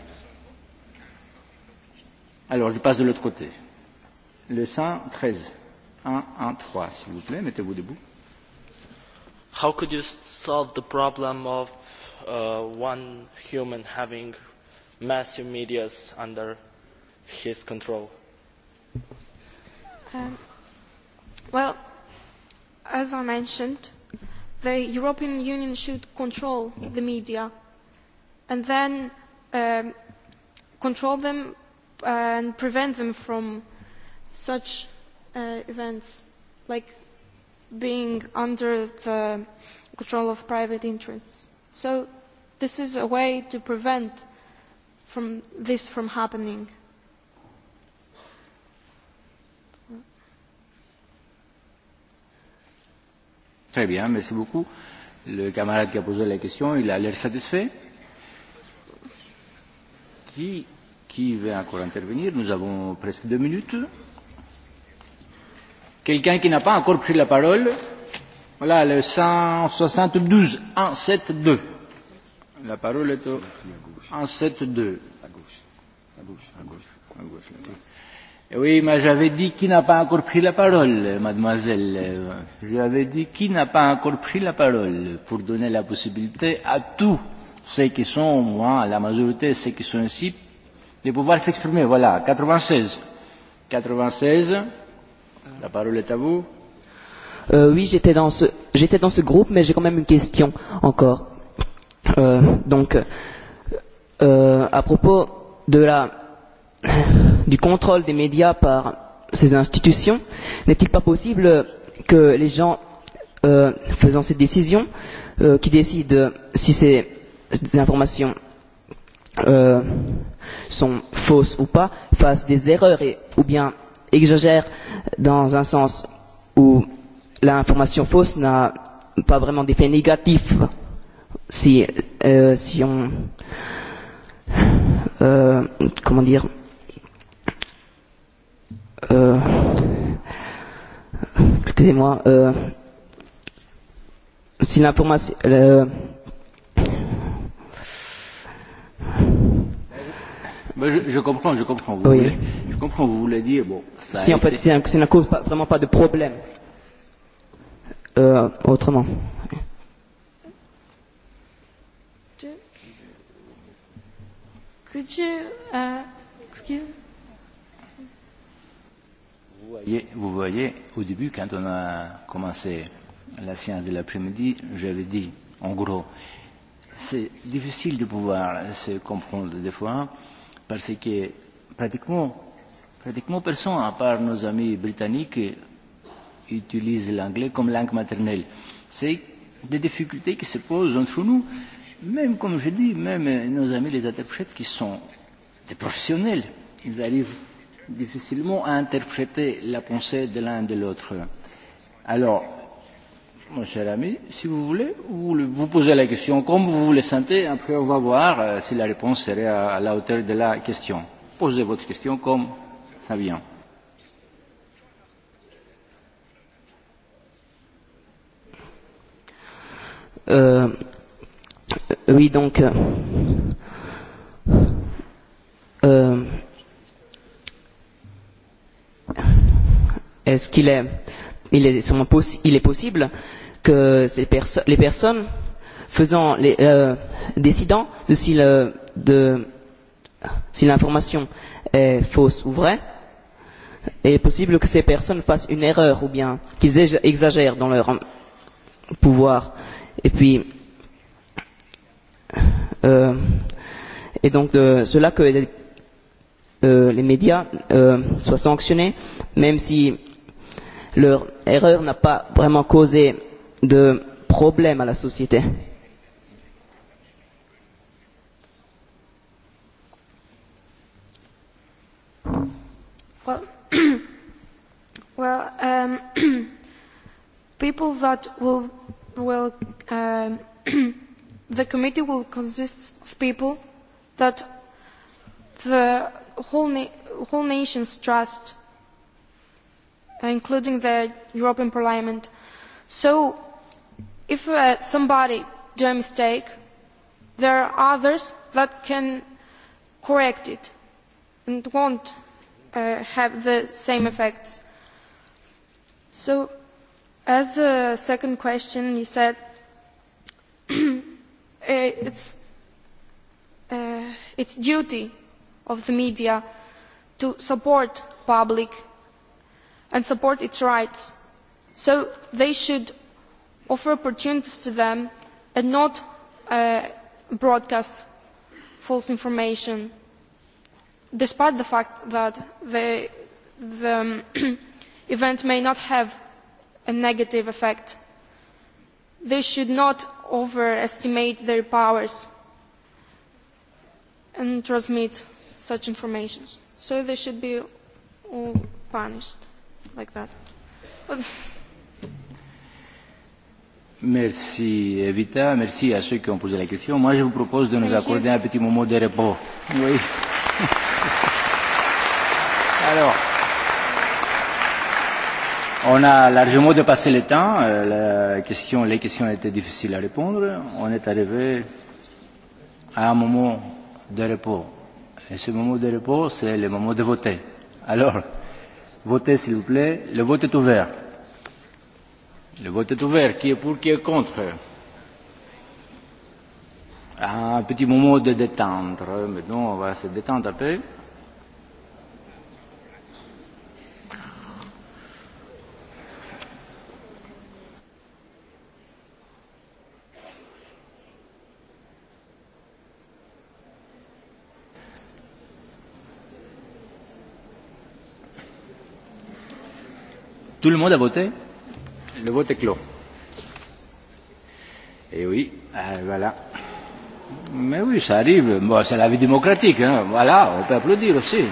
Alors, je passe de l'autre côté. Le 113. 1, 1, 3, s'il vous plaît, mettez-vous debout. How could you solve the problem of uh, one human having massive medias under his control? Um Well, as I mentioned, the European Union should control the media and then control them and prevent them from such events like being under the control of private interests. So this is a way to prevent from this from happening. Très bien, merci beaucoup. Le camarade qui a posé la question, il a l'air satisfait. Qui, qui veut encore intervenir Nous avons presque deux minutes. Quelqu'un qui n'a pas encore pris la parole Voilà, le 172, 172. La parole est au 172. À gauche. À gauche. À gauche. À gauche. Oui, mais j'avais dit qui n'a pas encore pris la parole, mademoiselle. J'avais dit qui n'a pas encore pris la parole pour donner la possibilité à tous ceux qui sont, moi, la majorité, ceux qui sont ici, de pouvoir s'exprimer. Voilà, 96. 96, la parole est à vous. Euh, oui, j'étais dans, ce, j'étais dans ce groupe, mais j'ai quand même une question encore. Euh, donc, euh, à propos de la du contrôle des médias par ces institutions, n'est-il pas possible que les gens faisant ces décisions, qui décident si ces informations sont fausses ou pas, fassent des erreurs ou bien exagèrent dans un sens où l'information fausse n'a pas vraiment d'effet négatif si on comment dire excusez-moi, si l'information. Je comprends, je comprends. Vous voulez, je comprends, vous voulez dire. Bon, ça si, en fait, ça ne cause pas, vraiment pas de problème. Euh, autrement. Could you, uh, excuse me? voyez, vous voyez, au début, quand on a commencé la science de l'après-midi, j'avais dit, en gros, c'est difficile de pouvoir se comprendre des fois, parce que pratiquement, pratiquement personne, à part nos amis britanniques, utilise l'anglais comme langue maternelle. C'est des difficultés qui se posent entre nous, même, comme je dis, même nos amis les interprètes qui sont des professionnels, ils arrivent difficilement à interpréter la pensée de l'un de l'autre. Alors, mon cher ami, si vous voulez, vous, vous posez la question comme vous le sentez, après on va voir si la réponse serait à, la hauteur de la question. Posez votre question comme ça vient. Euh, oui, donc, euh, est-ce qu'il est, il est, il est possible que les personnes faisant les, décidant de si, de, si l'information est fausse ou vraie, est possible que ces personnes fassent une erreur ou bien qu'ils exagèrent dans leur pouvoir. Et puis, et donc de cela que les médias soient sanctionnés, même si leur erreur n'a pas vraiment causé de problème à la société. Well, um, people that will, will um, the committee will consist of people that the whole nation's trust, including the European Parliament. So, if somebody does a mistake, there are others that can correct it and won't have the same effects. So, as a second question, you said it's its duty of the media to support public and support its rights. So they should offer opportunities to them and not broadcast false information, despite the fact that the event may not have a negative effect. They should not overestimate their powers and transmit such information. So they should be punished like that. Merci Evita, merci à ceux qui ont posé la question. Moi je vous propose de nous accorder un petit moment de repos. Oui. Alors, on a largement dépassé le temps. La question, les questions étaient difficiles à répondre. On est arrivé à un moment de repos. Et ce moment de repos, c'est le moment de voter. Alors, votez s'il vous plaît. Le vote est ouvert. Le vote est ouvert. Qui est pour, qui est contre Un petit moment de détendre. Maintenant, on va se détendre un peu. Tout le monde a voté Le vote est clos. Et oui, voilà. Mais oui, ça arrive. Bon, c'est la vie démocratique. Hein. Voilà, on peut applaudir aussi.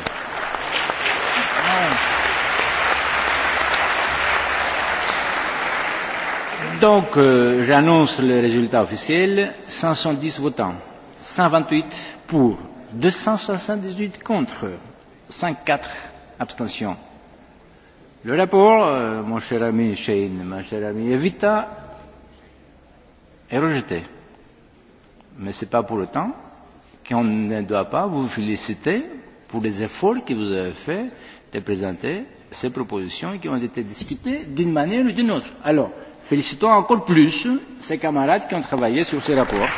Donc, j'annonce le résultat officiel. 510 votants, 128 pour, 278 contre, 54 abstentions Le rapport, mon cher ami Shane, ma chère ami Evita, est rejeté. Mais ce n'est pas pour autant qu'on ne doit pas vous féliciter pour les efforts que vous avez faits de présenter ces propositions qui ont été discutées d'une manière ou d'une autre. Alors, félicitons encore plus ces camarades qui ont travaillé sur ces rapports.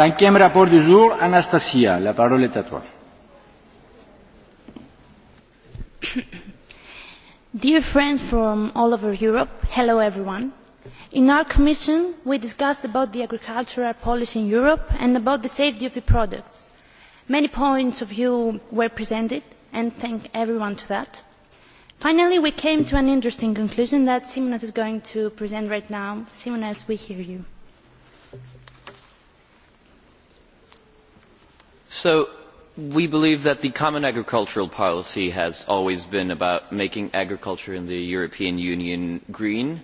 Cinquième President, Dear friends from all over Europe, hello everyone. In our commission, we discussed about the agricultural policy in Europe and about the safety of the products. Many points of view were presented, and thank everyone to that. Finally, we came to an interesting conclusion that Simonas is going to present right now. Simonas, we hear you. So we believe that the common agricultural policy has always been about making agriculture in the European Union green,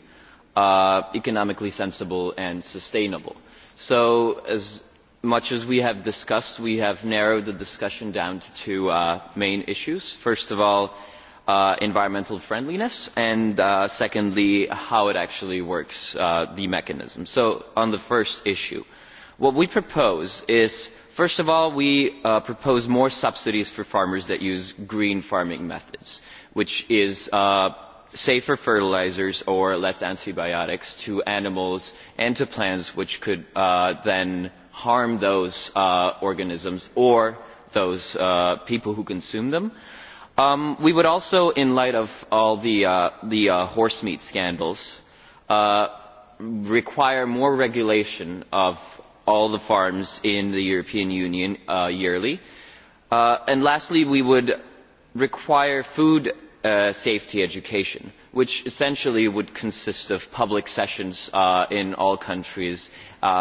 economically sensible and sustainable. So as much as we have discussed, we have narrowed the discussion down to two main issues. First of all, environmental friendliness, and secondly, how it actually works, the mechanism. So on the first issue. What we propose is, first of all, we propose more subsidies for farmers that use green farming methods, which is safer fertilizers or less antibiotics to animals and to plants, which could then harm those organisms or those people who consume them. We would also, in light of all the horse meat scandals, require more regulation of all the farms in the European Union yearly. And lastly, we would require food safety education, which essentially would consist of public sessions in all countries,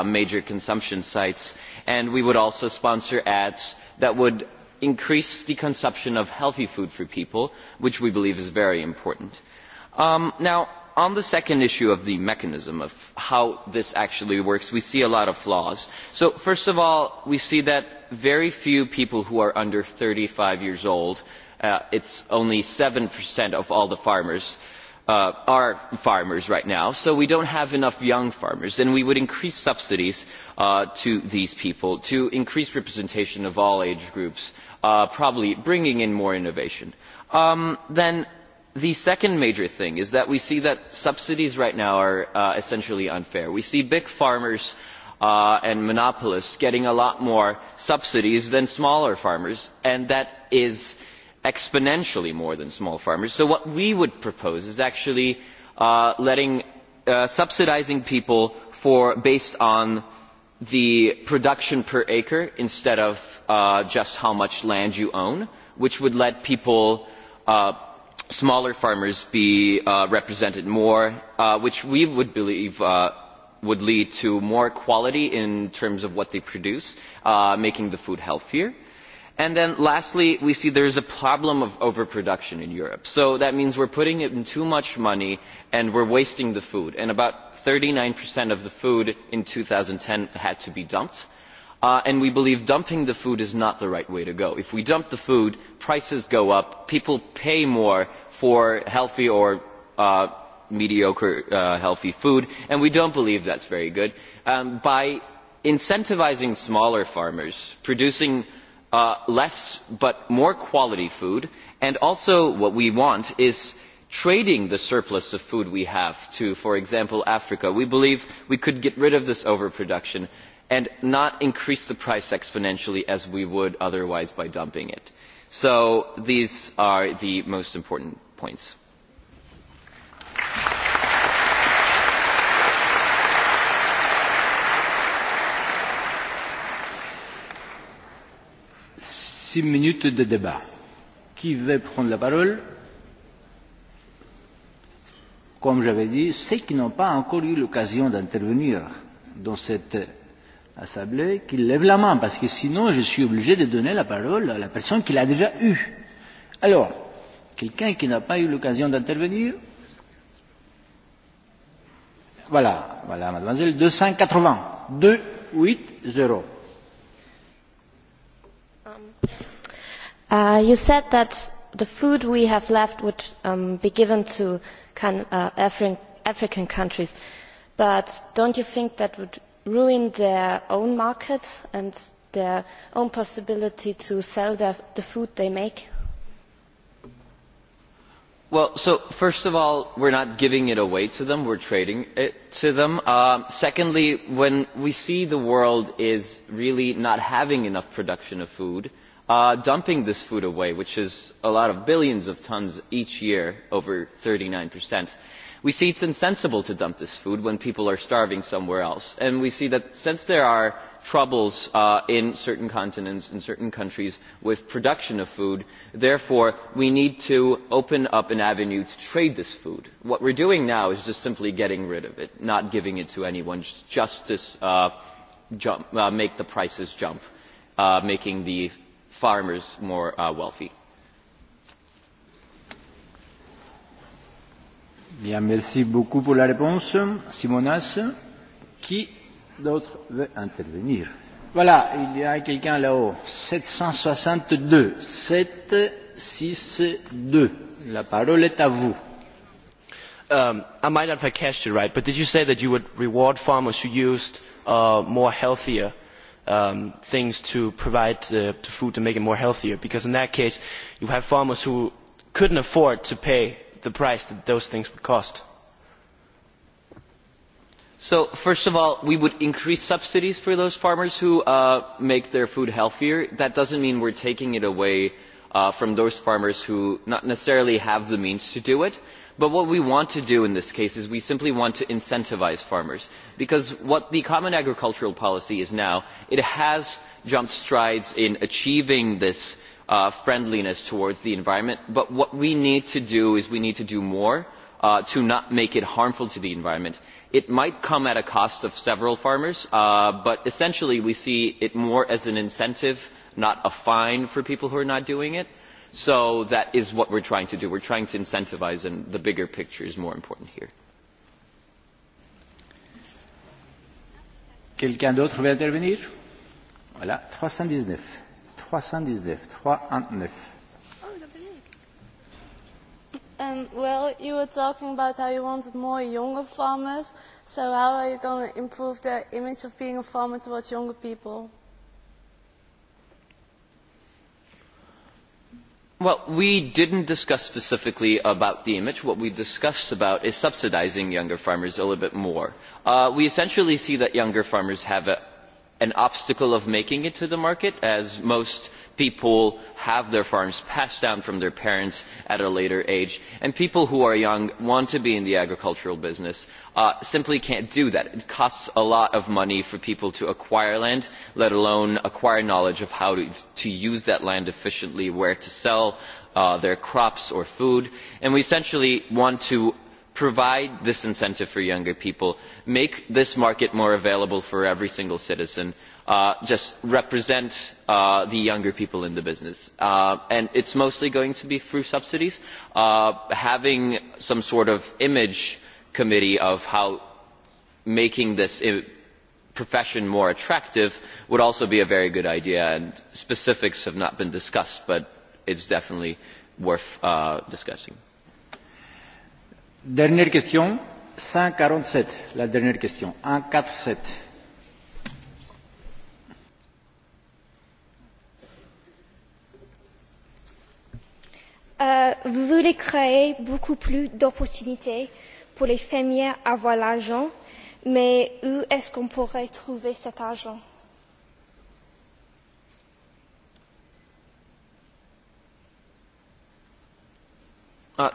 major consumption sites, and we would also sponsor ads that would increase the consumption of healthy food for people, which we believe is very important. Now On the second issue of the mechanism of how this actually works, we see a lot of flaws. So first of all, we see that very few people who are under 35 years old, it's only 7% of all the farmers, are farmers right now. So we don't have enough young farmers, and we would increase subsidies to these people to increase representation of all age groups, probably bringing in more innovation. Then The second major thing is that we see that subsidies right now are essentially unfair. We see big farmers and monopolists getting a lot more subsidies than smaller farmers, and that is exponentially more than small farmers. So what we would propose is actually letting subsidizing people for based on the production per acre instead of just how much land you own, which would let people smaller farmers be represented more, which we would believe would lead to more quality in terms of what they produce, making the food healthier. And then lastly, we see there is a problem of overproduction in Europe. So that means we're putting in too much money and we're wasting the food. And about 39% of the food in 2010 had to be dumped and we believe dumping the food is not the right way to go. If we dump the food, prices go up, people pay more for healthy or mediocre healthy food, and we don't believe that's very good. By incentivising smaller farmers, producing less but more quality food, and also what we want is trading the surplus of food we have to, for example, Africa, we believe we could get rid of this overproduction and not increase the price exponentially as we would otherwise by dumping it. So these are the most important points. Six minutes de débat. Qui veut prendre la parole Comme j'avais dit, ceux qui n'ont pas encore eu l'occasion d'intervenir dans cette assemblée qu'il lève la main, parce que sinon je suis obligé de donner la parole à la personne qui l'a déjà eue. Alors, quelqu'un qui n'a pas eu l'occasion d'intervenir Voilà, voilà, mademoiselle, 280, 280. Uh, you said that the food we have left would um, be given to can, uh, African countries, but don't you think that would ruin their own market and their own possibility to sell the food they make? Well, so first of all, we're not giving it away to them, we're trading it to them. Secondly, when we see the world is really not having enough production of food, dumping this food away, which is a lot of billions of tons each year, over 39%, we see it's insensible to dump this food when people are starving somewhere else and we see that since there are troubles in certain continents in certain countries with production of food therefore we need to open up an avenue to trade this food. what we are doing now is just simply getting rid of it not giving it to anyone just to make the prices jump making the farmers more wealthy. Bien, merci beaucoup pour la réponse. Simonas, qui d'autre veut intervenir Voilà, il y a quelqu'un là-haut. 762. 7, deux. La parole est à vous. Um, I might not have catched it right, but did you say that you would reward farmers who used more healthier things to provide the, food to make it more healthier? Because in that case, you have farmers who couldn't afford to pay the price that those things would cost? So first of all, we would increase subsidies for those farmers who make their food healthier. That doesn't mean we're taking it away from those farmers who not necessarily have the means to do it. But what we want to do in this case is we simply want to incentivize farmers. Because what the common agricultural policy is now, it has jumped strides in achieving this friendliness towards the environment. But what we need to do is we need to do more to not make it harmful to the environment. It might come at a cost of several farmers, but essentially we see it more as an incentive, not a fine for people who are not doing it. So that is what we're trying to do. We're trying to incentivize, and the bigger picture is more important here. Quelqu'un d'autre veut intervenir 319. Well, you were talking about how you wanted more younger farmers. So how are you going improve the image of being a farmer towards younger people? Well, we didn't discuss specifically about the image. What we discussed about is subsidizing younger farmers a little bit more. We essentially see that younger farmers have a an obstacle of making it to the market, as most people have their farms passed down from their parents at a later age. And people who are young, want to be in the agricultural business, simply can't do that. It costs a lot of money for people to acquire land, let alone acquire knowledge of how to use that land efficiently, where to sell their crops or food. And we essentially want to provide this incentive for younger people, make this market more available for every single citizen, just represent the younger people in the business. And it's mostly going to be through subsidies. Having some sort of image committee of how making this profession more attractive would also be a very good idea, and specifics have not been discussed, but it's definitely worth discussing. Dernière question, 147, la dernière question, 147. Vous voulez créer beaucoup plus d'opportunités pour les femmes à avoir l'argent, mais où est-ce qu'on pourrait trouver cet argent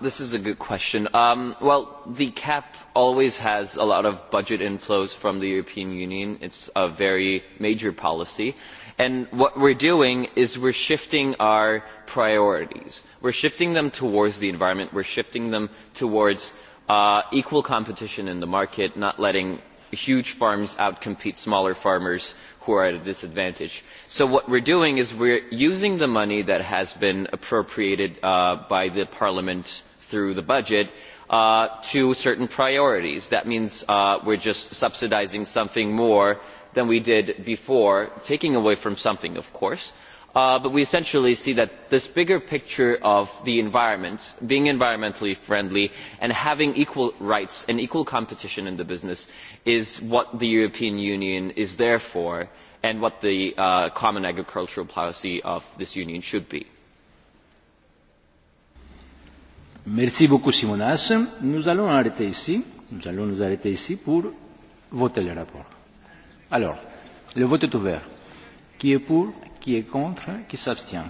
This is a good question. Well, the cap always has a lot of budget inflows from the European Union. It's a very major policy. And what we're doing is we're shifting our priorities. We're shifting them towards the environment. We're shifting them towards equal competition in the market, not letting huge farms outcompete smaller farmers who are at a disadvantage. So what we're doing is we're using the money that has been appropriated by the Parliament through the budget to certain priorities. That means we're just subsidizing something more than we did before, taking away from something, of course but we essentially see that this bigger picture of the environment being environmentally friendly and having equal rights and equal competition in the business is what the european union is there for and what the common agricultural policy of this union should be. Merci beaucoup Simonas. Nous allons nous arrêter ici pour voter le rapport. Alors, le vote est ouvert. Qui est pour qui est contre, qui s'abstient.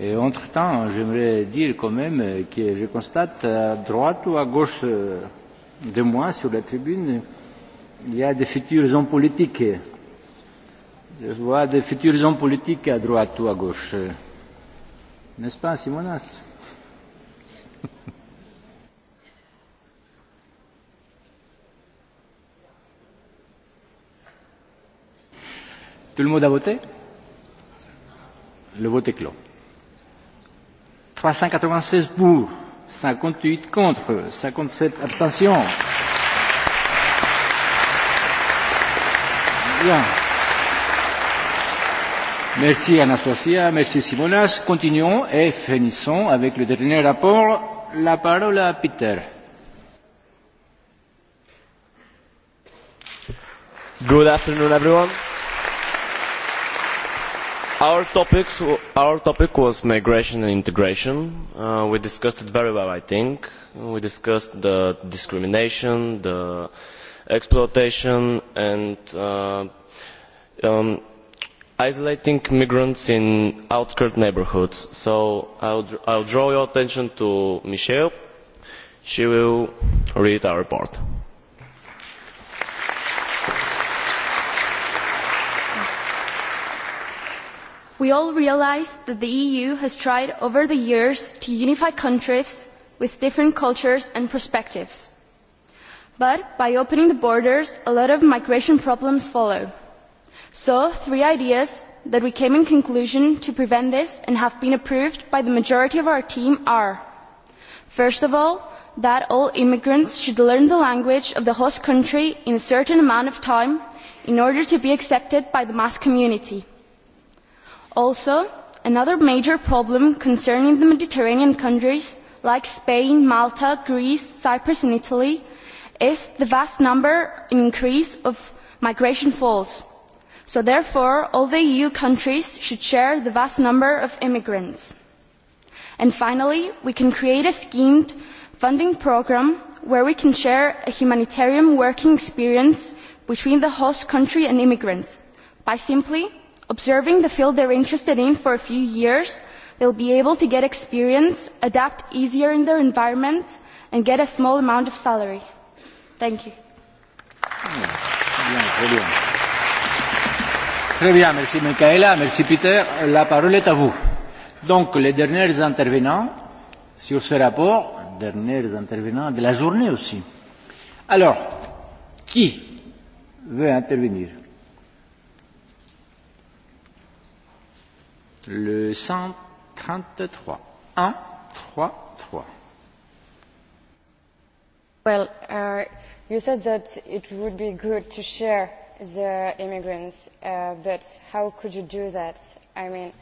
Et entre-temps, j'aimerais dire quand même que je constate à droite ou à gauche de moi, sur la tribune, il y a des futurs hommes politiques. Je vois des futurs hommes politiques à droite ou à gauche. N'est-ce pas, Simonas Tout le monde a voté Le vote est clos. 396 pour, 58 contre, 57 abstentions. Bien. Merci Anastasia, merci Simonas. Continuons et finissons avec le dernier rapport. La parole à Peter. Good afternoon everyone. Our topic was migration and integration. We discussed it very well, I think. We discussed the discrimination, the exploitation and isolating migrants in outskirt neighbourhoods. So I will draw your attention to Michelle. She will read our report. we all realise that the eu has tried over the years to unify countries with different cultures and perspectives but by opening the borders a lot of migration problems follow. so three ideas that we came in conclusion to prevent this and have been approved by the majority of our team are first of all that all immigrants should learn the language of the host country in a certain amount of time in order to be accepted by the mass community. Also, another major problem concerning the Mediterranean countries like Spain, Malta, Greece, Cyprus and Italy is the vast number increase of migration flows. So therefore, all the EU countries should share the vast number of immigrants. And finally, we can create a schemed funding programme where we can share a humanitarian working experience between the host country and immigrants by simply observing the field they're interested in for a few years they'll be able to get experience adapt easier in their environment and get a small amount of salary thank you Très bien, merci Michaela, merci Peter. La parole est à vous. Donc, les derniers intervenants sur ce rapport, derniers intervenants de la journée aussi. Alors, qui veut intervenir Le 133. 1, 3, 3. Well, you said that it would be good to share the immigrants, but how could you do that? I mean,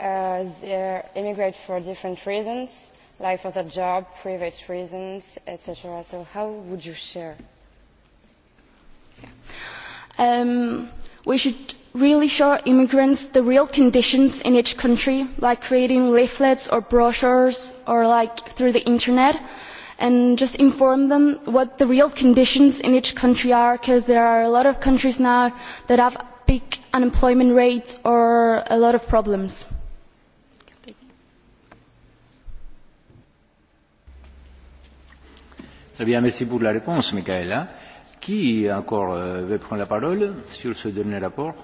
they immigrate for different reasons, like for the job, private reasons, etc. So how would you share? We should really show immigrants the real conditions in each country, like creating leaflets or brochures or like through the internet, and just inform them what the real conditions in each country are, because there are a lot of countries now that have big unemployment rates or a lot of problems. Très bien, pour la réponse, Qui encore veut prendre la parole sur ce dernier rapport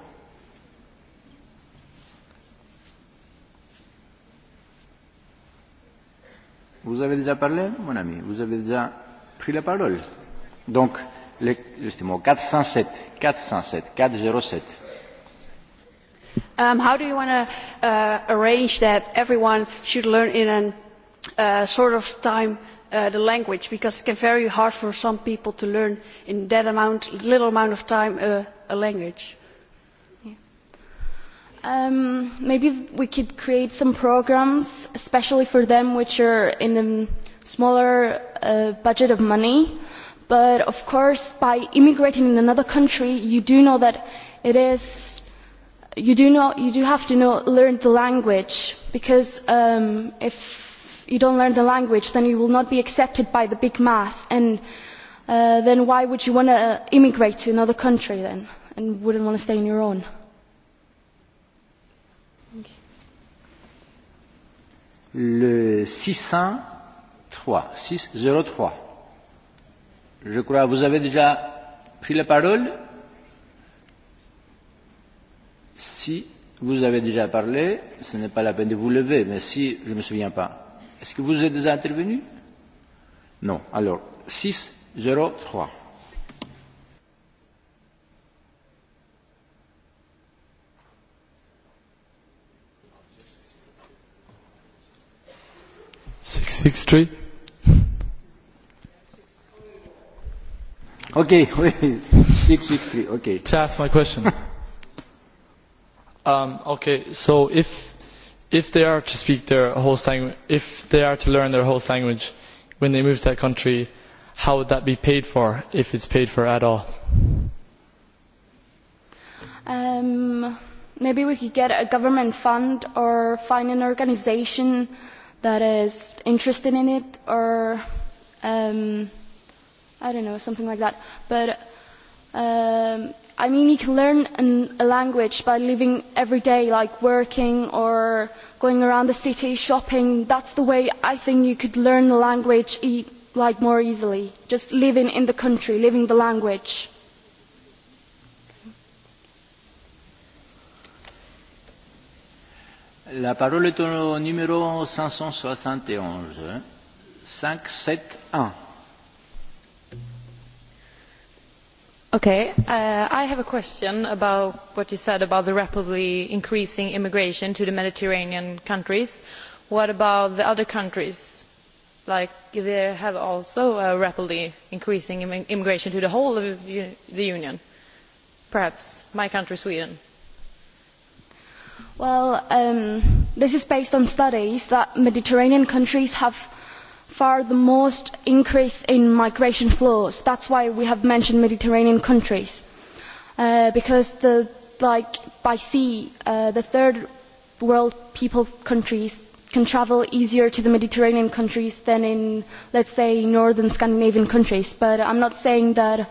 Vous avez déjà parlé, mon ami Vous avez déjà pris la parole Donc, le, justement, 407, 407, 407. Um, how do you want to arrange that everyone should learn in a sort of time the language? Because it can be very hard for some people to learn in that amount, little amount of time a language. Maybe we could create some programs, especially for them, which are in a smaller budget of money. But of course, by immigrating in another country, you do know that it is, you do know, you do have to learn the language, because if you don't learn the language, then you will not be accepted by the big mass, and then why would you want to immigrate to another country then, and wouldn't want to stay in your own? le 603. 603. Je crois, que vous avez déjà pris la parole Si vous avez déjà parlé, ce n'est pas la peine de vous lever, mais si, je ne me souviens pas. Est-ce que vous êtes déjà intervenu Non. Alors, 603. 663. Okay, wait, 663, okay. To ask my question. um, okay, so if, if they are to speak their host language, if they are to learn their host language when they move to that country, how would that be paid for, if it's paid for at all? Um, maybe we could get a government fund or find an organization that is interested in it or um i don't know something like that but um i mean you can learn a language by living every day like working or going around the city shopping that's the way i think you could learn the language like more easily just living in the country living the language La parole est numéro 571. 571. Okay, I have a question about what you said about the rapidly increasing immigration to the Mediterranean countries. What about the other countries? Like they have also a rapidly increasing immigration to the whole of the Union. Perhaps my country, Sweden Well, this is based on studies that Mediterranean countries have far the most increase in migration flows. That's why we have mentioned Mediterranean countries, because like by sea, the third world people countries can travel easier to the Mediterranean countries than in, let's say, northern Scandinavian countries. But I'm not saying that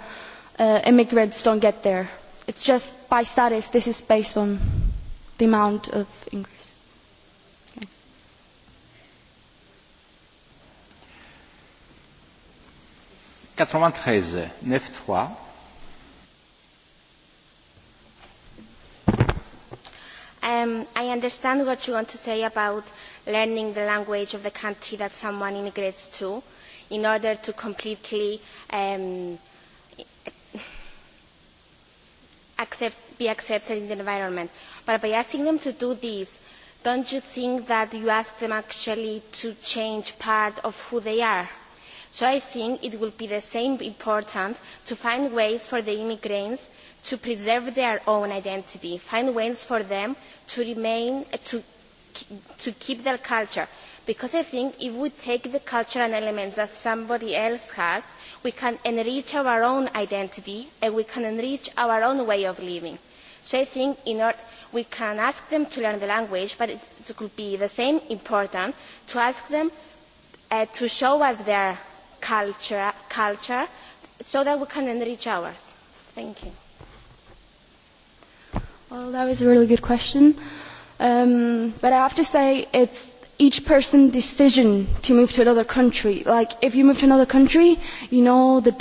immigrants don't get there. It's just by status. This is based on amount of increase. I understand what you want to say about learning the language of the country that someone immigrates to in order to completely be accepted in the environment. But by asking them to do this, don't you think that you ask them actually to change part of who they are? So I think it will be the same important to find ways for the immigrants to preserve their own identity, find ways for them to remain, to to keep their culture. Because I think if we take the cultural elements that somebody else has, we can enrich our own identity and we can enrich our own way of living. So I think we can ask them to learn the language, but it could be the same important to ask them to show us their culture so that we can enrich ours. Thank you. Well, that was a really good question. But I have to say it's each person's decision to move to another country. Like if you move to another country, you know the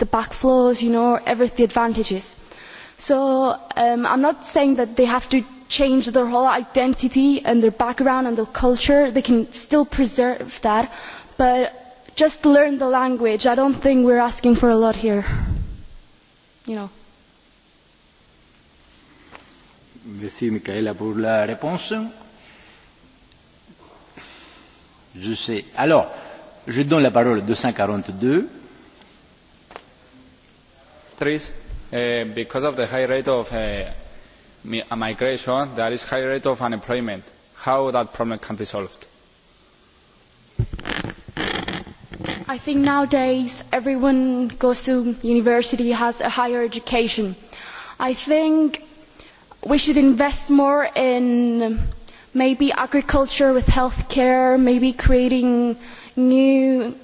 the backflows, you know everything the advantages. So I'm not saying that they have to change their whole identity and their background and their culture. They can still preserve that, but just learn the language. I don't think we're asking for a lot here. You know. Merci Michaela pour la réponse. Je sais. Alors, je donne la parole à 242. Because of the high rate of migration, there is high rate of unemployment. How that problem can be solved? I think nowadays everyone goes to university, has a higher education. I think we should invest more in maybe agriculture with healthcare, maybe creating new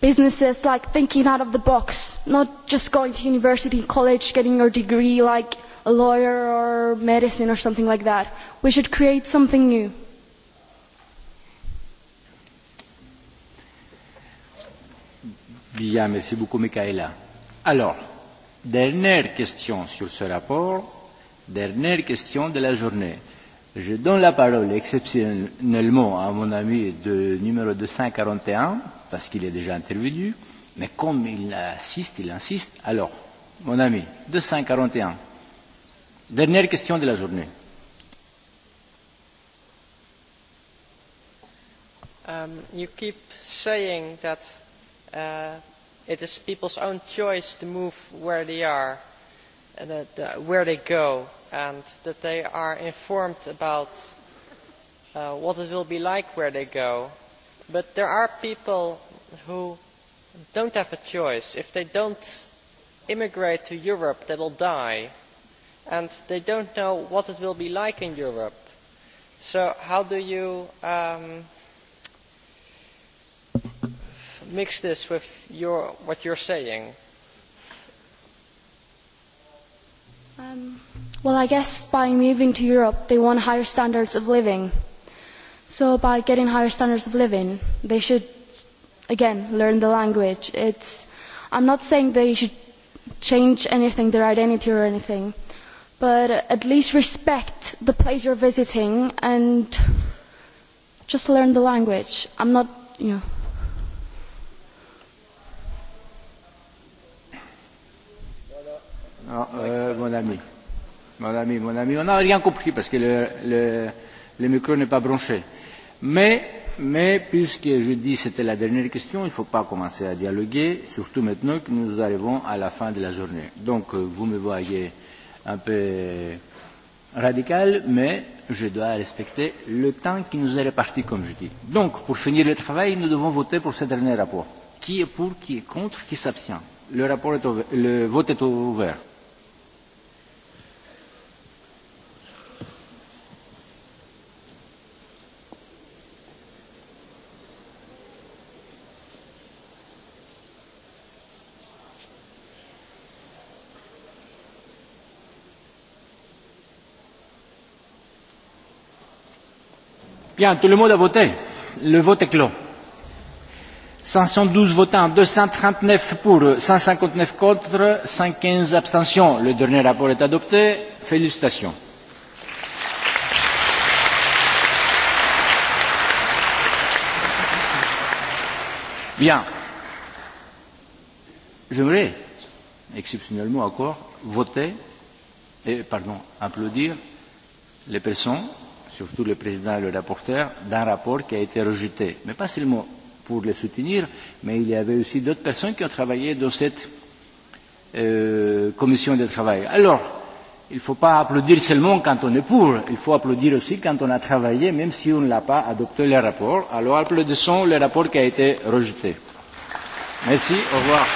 businesses, like thinking out of the box, not just going to university, college, getting your degree like a lawyer or medicine or something like that. We should create something new. Bien, merci beaucoup, Michaela. Alors, dernière question sur ce rapport dernière question de la journée. Je donne la parole exceptionnellement à mon ami de numéro 241, parce qu'il est déjà intervenu, mais comme il insiste, il insiste. Alors, mon ami, 241. Dernière question de la journée. Um, you keep saying that uh, it is people's own choice to move where they are, and where they go and that they are informed about what it will be like where they go. But there are people who don't have a choice. If they don't immigrate to Europe, they will die. And they don't know what it will be like in Europe. So how do you mix this with your, what you're saying? Well, I guess by moving to Europe, they want higher standards of living. So by getting higher standards of living, they should, again, learn the language. It's, I'm not saying they should change anything, their identity or anything, but at least respect the place you're visiting and just learn the language. I'm not, you know Mon ami, mon ami, mon ami, on n'a rien compris parce que le micro n'est pas branché. Mais, mais puisque je dis c'était la dernière question, il ne faut pas commencer à dialoguer, surtout maintenant que nous arrivons à la fin de la journée. Donc, vous me voyez un peu radical, mais je dois respecter le temps qui nous est réparti, comme je dis. Donc, pour finir le travail, nous devons voter pour ce dernier rapport. Qui est pour, qui est contre, qui s'abstient Le vote est ouvert. Bien, tout le monde a voté. Le vote est clos. 512 votants, 239 pour, 159 contre, 115 abstentions. Le dernier rapport est adopté. Félicitations. Bien. J'aimerais, exceptionnellement encore, voter, et, pardon, applaudir les personnes surtout le président et le rapporteur, d'un rapport qui a été rejeté. Mais pas seulement pour le soutenir, mais il y avait aussi d'autres personnes qui ont travaillé dans cette commission de travail. Alors, il ne faut pas applaudir seulement quand on est pour, il faut applaudir aussi quand on a travaillé, même si on n'a pas adopté le rapport. Alors applaudissons le rapport qui a été rejeté. Merci, au revoir.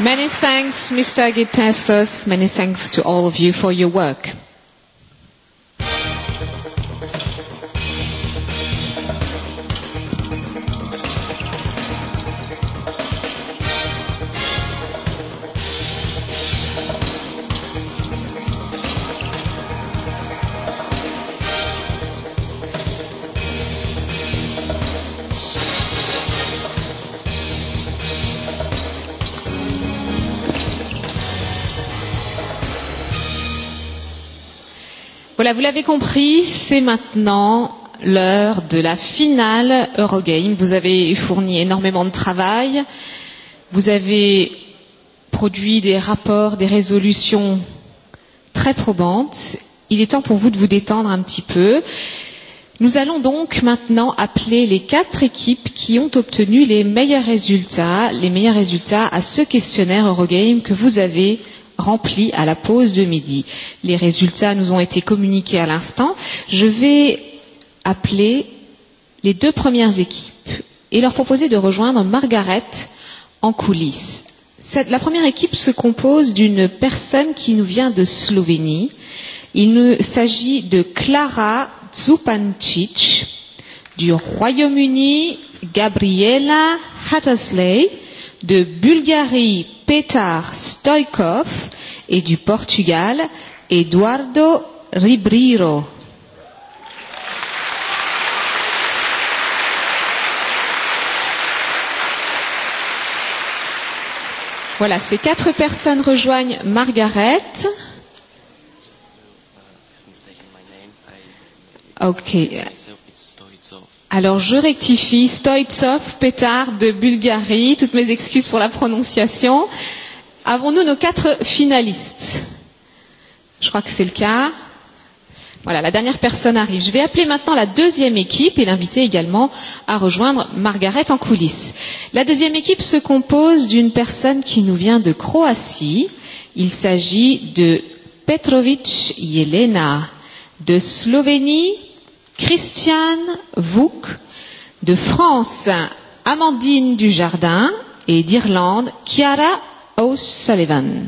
Many thanks, Mr. Gitessos. Many thanks to all of you for your work. vous l'avez compris, c'est maintenant l'heure de la finale Eurogame. Vous avez fourni énormément de travail. Vous avez produit des rapports, des résolutions très probantes. Il est temps pour vous de vous détendre un petit peu. Nous allons donc maintenant appeler les quatre équipes qui ont obtenu les meilleurs résultats, les meilleurs résultats à ce questionnaire Eurogame que vous avez rempli à la pause de midi. Les résultats nous ont été communiqués à l'instant. Je vais appeler les deux premières équipes et leur proposer de rejoindre Margaret en coulisses. La première équipe se compose d'une personne qui nous vient de Slovénie. Il s'agit de Clara Zupancic, du Royaume-Uni, Gabriela Hattersley, de Bulgarie Petar Stoikov et du Portugal Eduardo Ribriro. Voilà, ces quatre personnes rejoignent Margaret. Okay, Alors je rectifie Stoitsov, Pétard de Bulgarie, toutes mes excuses pour la prononciation. Avons-nous nos quatre finalistes Je crois que c'est le cas. Voilà, la dernière personne arrive. Je vais appeler maintenant la deuxième équipe et l'inviter également à rejoindre Margaret en coulisses. La deuxième équipe se compose d'une personne qui nous vient de Croatie. Il s'agit de Petrovic Jelena, de Slovénie, Christiane Vouk de France, Amandine Dujardin et d'Irlande, Chiara O'Sullivan.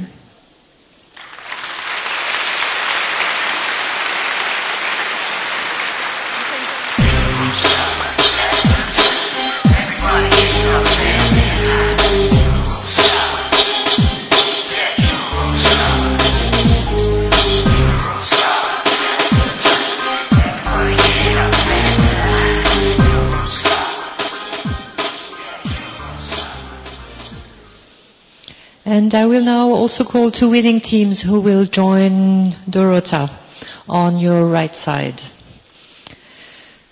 And I will now also call two winning teams who will join Dorota on your right side.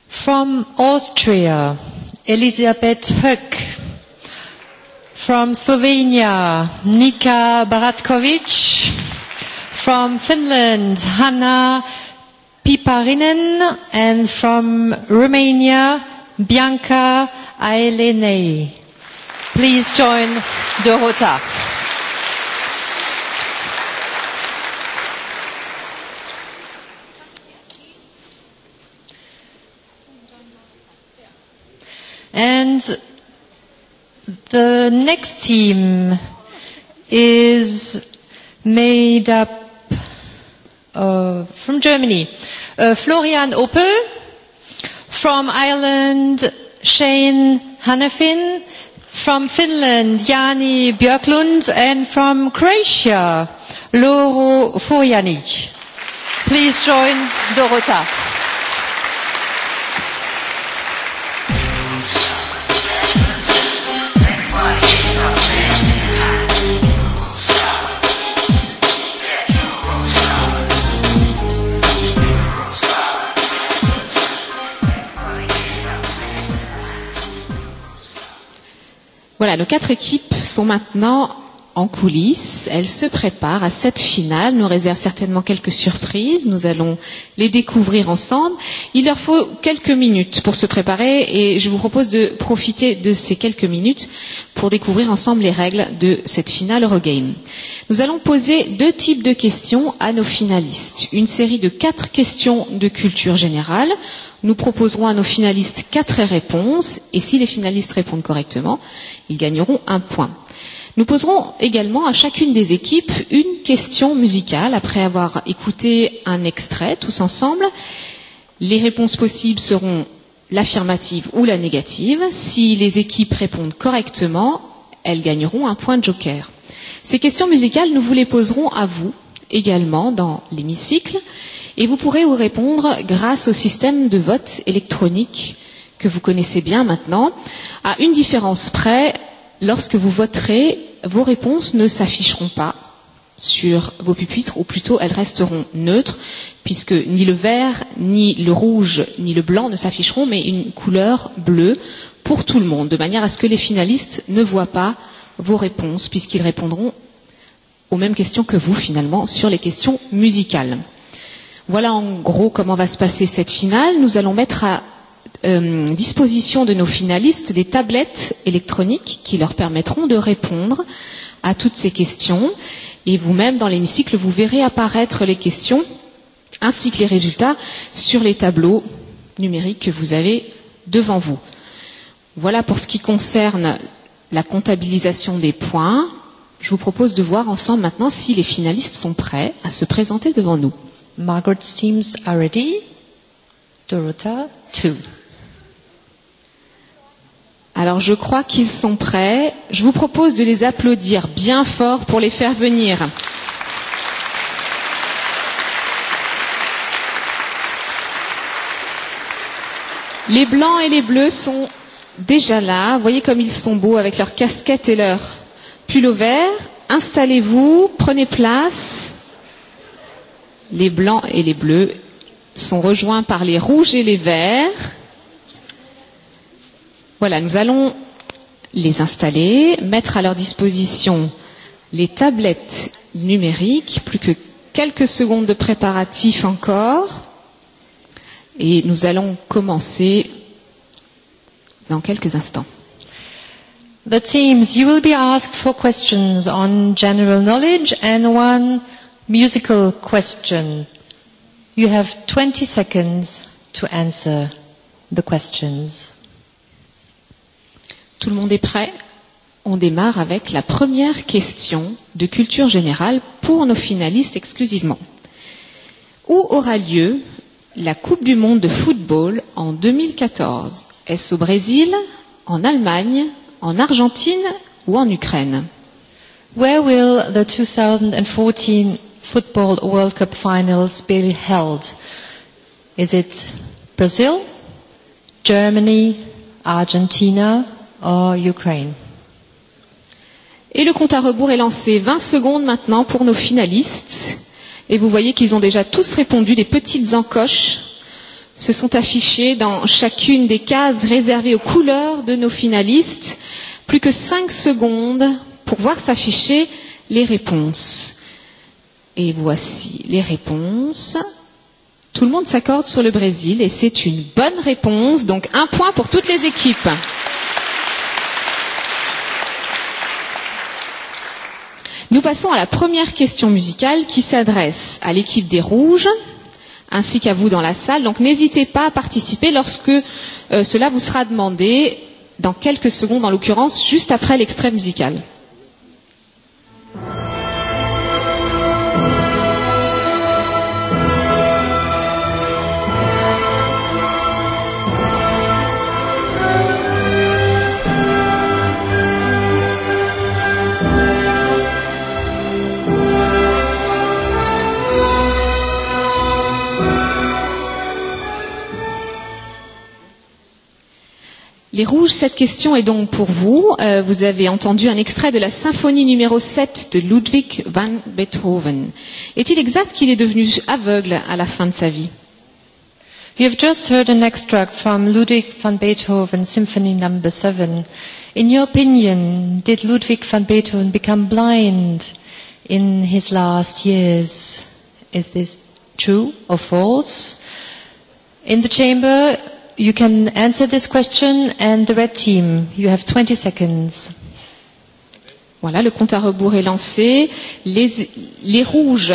From Austria, Elisabeth Höck. From Slovenia, Nika Baratkovic. From Finland, Hanna Piparinen. And from Romania, Bianca Ailenei. Please join Dorota. And the next team is made up from Germany. Florian Opel, from Ireland, Shane Hannafin, from Finland, Jani Björklund, and from Croatia, Loro Furjanic. Please join Dorota. Voilà, nos quatre équipes sont maintenant en coulisses. Elles se préparent à cette finale. Nous réservent certainement quelques surprises. Nous allons les découvrir ensemble. Il leur faut quelques minutes pour se préparer et je vous propose de profiter de ces quelques minutes pour découvrir ensemble les règles de cette finale Eurogame. Nous allons poser deux types de questions à nos finalistes. Une série de quatre questions de culture générale Nous proposerons à nos finalistes quatre réponses et si les finalistes répondent correctement, ils gagneront un point. Nous poserons également à chacune des équipes une question musicale après avoir écouté un extrait tous ensemble. Les réponses possibles seront l'affirmative ou la négative. Si les équipes répondent correctement, elles gagneront un point de joker. Ces questions musicales, nous vous les poserons à vous également dans l'hémicycle et vous pourrez vous répondre grâce au système de vote électronique que vous connaissez bien maintenant. À une différence près, lorsque vous voterez, vos réponses ne s'afficheront pas sur vos pupitres, ou plutôt elles resteront neutres, puisque ni le vert, ni le rouge, ni le blanc ne s'afficheront, mais une couleur bleue pour tout le monde, de manière à ce que les finalistes ne voient pas vos réponses, puisqu'ils répondront aux mêmes questions que vous, finalement, sur les questions musicales. Voilà en gros comment va se passer cette finale. Nous allons mettre à disposition de nos finalistes des tablettes électroniques qui leur permettront de répondre à toutes ces questions. Et vous-même, dans l'hémicycle, vous verrez apparaître les questions ainsi que les résultats sur les tableaux numériques que vous avez devant vous. Voilà pour ce qui concerne la comptabilisation des points. Je vous propose de voir ensemble maintenant si les finalistes sont prêts à se présenter devant nous. Margaret's teams are ready. Dorota, two. Alors je crois qu'ils sont prêts. Je vous propose de les applaudir bien fort pour les faire venir. Les blancs et les bleus sont déjà là. Voyez comme ils sont beaux avec leurs casquettes et leurs pulls verts. Installez-vous, prenez place les blancs et les bleus sont rejoints par les rouges et les verts. Voilà, nous allons les installer, mettre à leur disposition les tablettes numériques, plus que quelques secondes de préparatif encore, et nous allons commencer dans quelques instants. The teams, you will be asked for questions on general knowledge and one musical question. You have 20 seconds to answer the questions. Tout le monde est prêt On démarre avec la première question de culture générale pour nos finalistes exclusivement. Où aura lieu la Coupe du monde de football en 2014 Est-ce au Brésil, en Allemagne, en Argentine ou en Ukraine Where will the 2014 football World Cup finals be held? Is it Brazil, Germany, Argentina or Ukraine? Et le compte à rebours est lancé 20 secondes maintenant pour nos finalistes. Et vous voyez qu'ils ont déjà tous répondu. Des petites encoches se sont affichées dans chacune des cases réservées aux couleurs de nos finalistes. Plus que 5 secondes pour voir s'afficher les réponses. Et voici les réponses. Tout le monde s'accorde sur le Brésil et c'est une bonne réponse. Donc un point pour toutes les équipes. Nous passons à la première question musicale qui s'adresse à l'équipe des Rouges ainsi qu'à vous dans la salle. Donc n'hésitez pas à participer lorsque cela vous sera demandé dans quelques secondes, en l'occurrence juste après l'extrait musical. Les Rouges, cette question est donc pour vous. Vous avez entendu un extrait de la symphonie numéro 7 de Ludwig van Beethoven. Est-il exact qu'il est devenu aveugle à la fin de sa vie You have just heard an extract from Ludwig van Beethoven Symphony No. 7. In your opinion, did Ludwig van Beethoven become blind in his last years? Is this true or false? In the chamber, You can answer this question and the red team, you have 20 seconds. Voilà, le compte à rebours est lancé. Les, rouges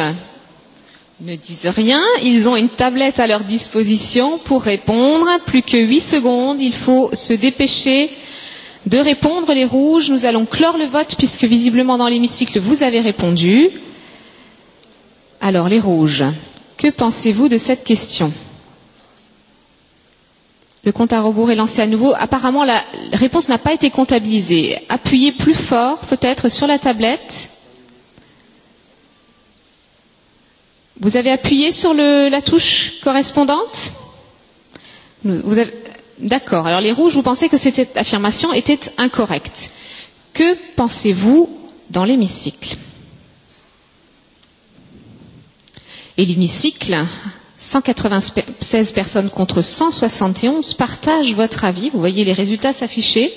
ne disent rien. Ils ont une tablette à leur disposition pour répondre. Plus que 8 secondes. Il faut se dépêcher de répondre. Les rouges, nous allons clore le vote puisque visiblement dans l'hémicycle, vous avez répondu. Alors, les rouges, que pensez-vous de cette question Le compte à rebours est lancé à nouveau. Apparemment, la réponse n'a pas été comptabilisée. Appuyez plus fort, peut-être, sur la tablette. Vous avez appuyé sur le, la touche correspondante vous avez... D'accord. Alors, les rouges, vous pensez que cette affirmation était incorrecte. Que pensez-vous dans l'hémicycle Et l'hémicycle 196 personnes contre 171 partagent votre avis. Vous voyez les résultats s'afficher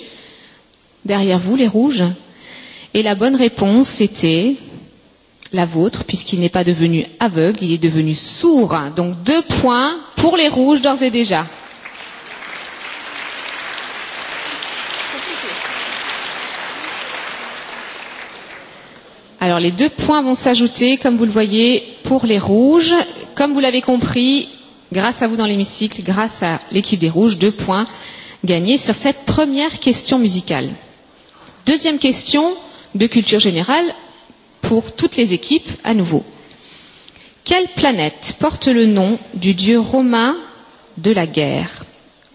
derrière vous, les rouges. Et la bonne réponse était la vôtre, puisqu'il n'est pas devenu aveugle, il est devenu sourd. Donc deux points pour les rouges d'ores et déjà. Alors les deux points vont s'ajouter, comme vous le voyez, pour les rouges. Comme vous l'avez compris, grâce à vous dans l'hémicycle, grâce à l'équipe des rouges, deux points gagnés sur cette première question musicale. Deuxième question de culture générale pour toutes les équipes à nouveau. Quelle planète porte le nom du dieu romain de la guerre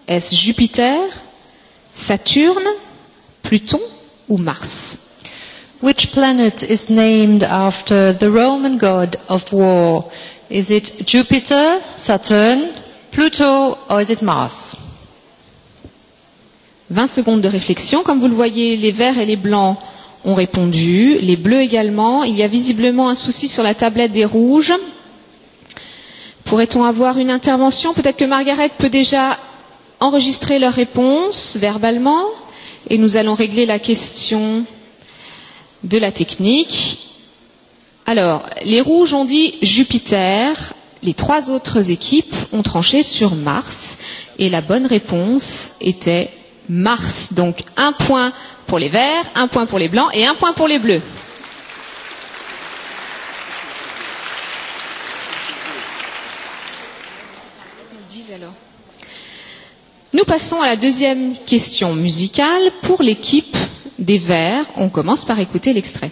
Est-ce Jupiter, Saturne, Pluton ou Mars Which planet is named after the Roman god of war? Is it Jupiter, Saturn, Pluto or is it Mars? 20 secondes de réflexion. Comme vous le voyez, les verts et les blancs ont répondu, les bleus également. Il y a visiblement un souci sur la tablette des rouges. Pourrait-on avoir une intervention Peut-être que Margaret peut déjà enregistrer leurs réponse verbalement et nous allons régler la question de la technique. Alors, les rouges ont dit Jupiter, les trois autres équipes ont tranché sur Mars, et la bonne réponse était Mars. Donc, un point pour les verts, un point pour les blancs et un point pour les bleus. Nous passons à la deuxième question musicale pour l'équipe des vers, On commence par écouter l'extrait.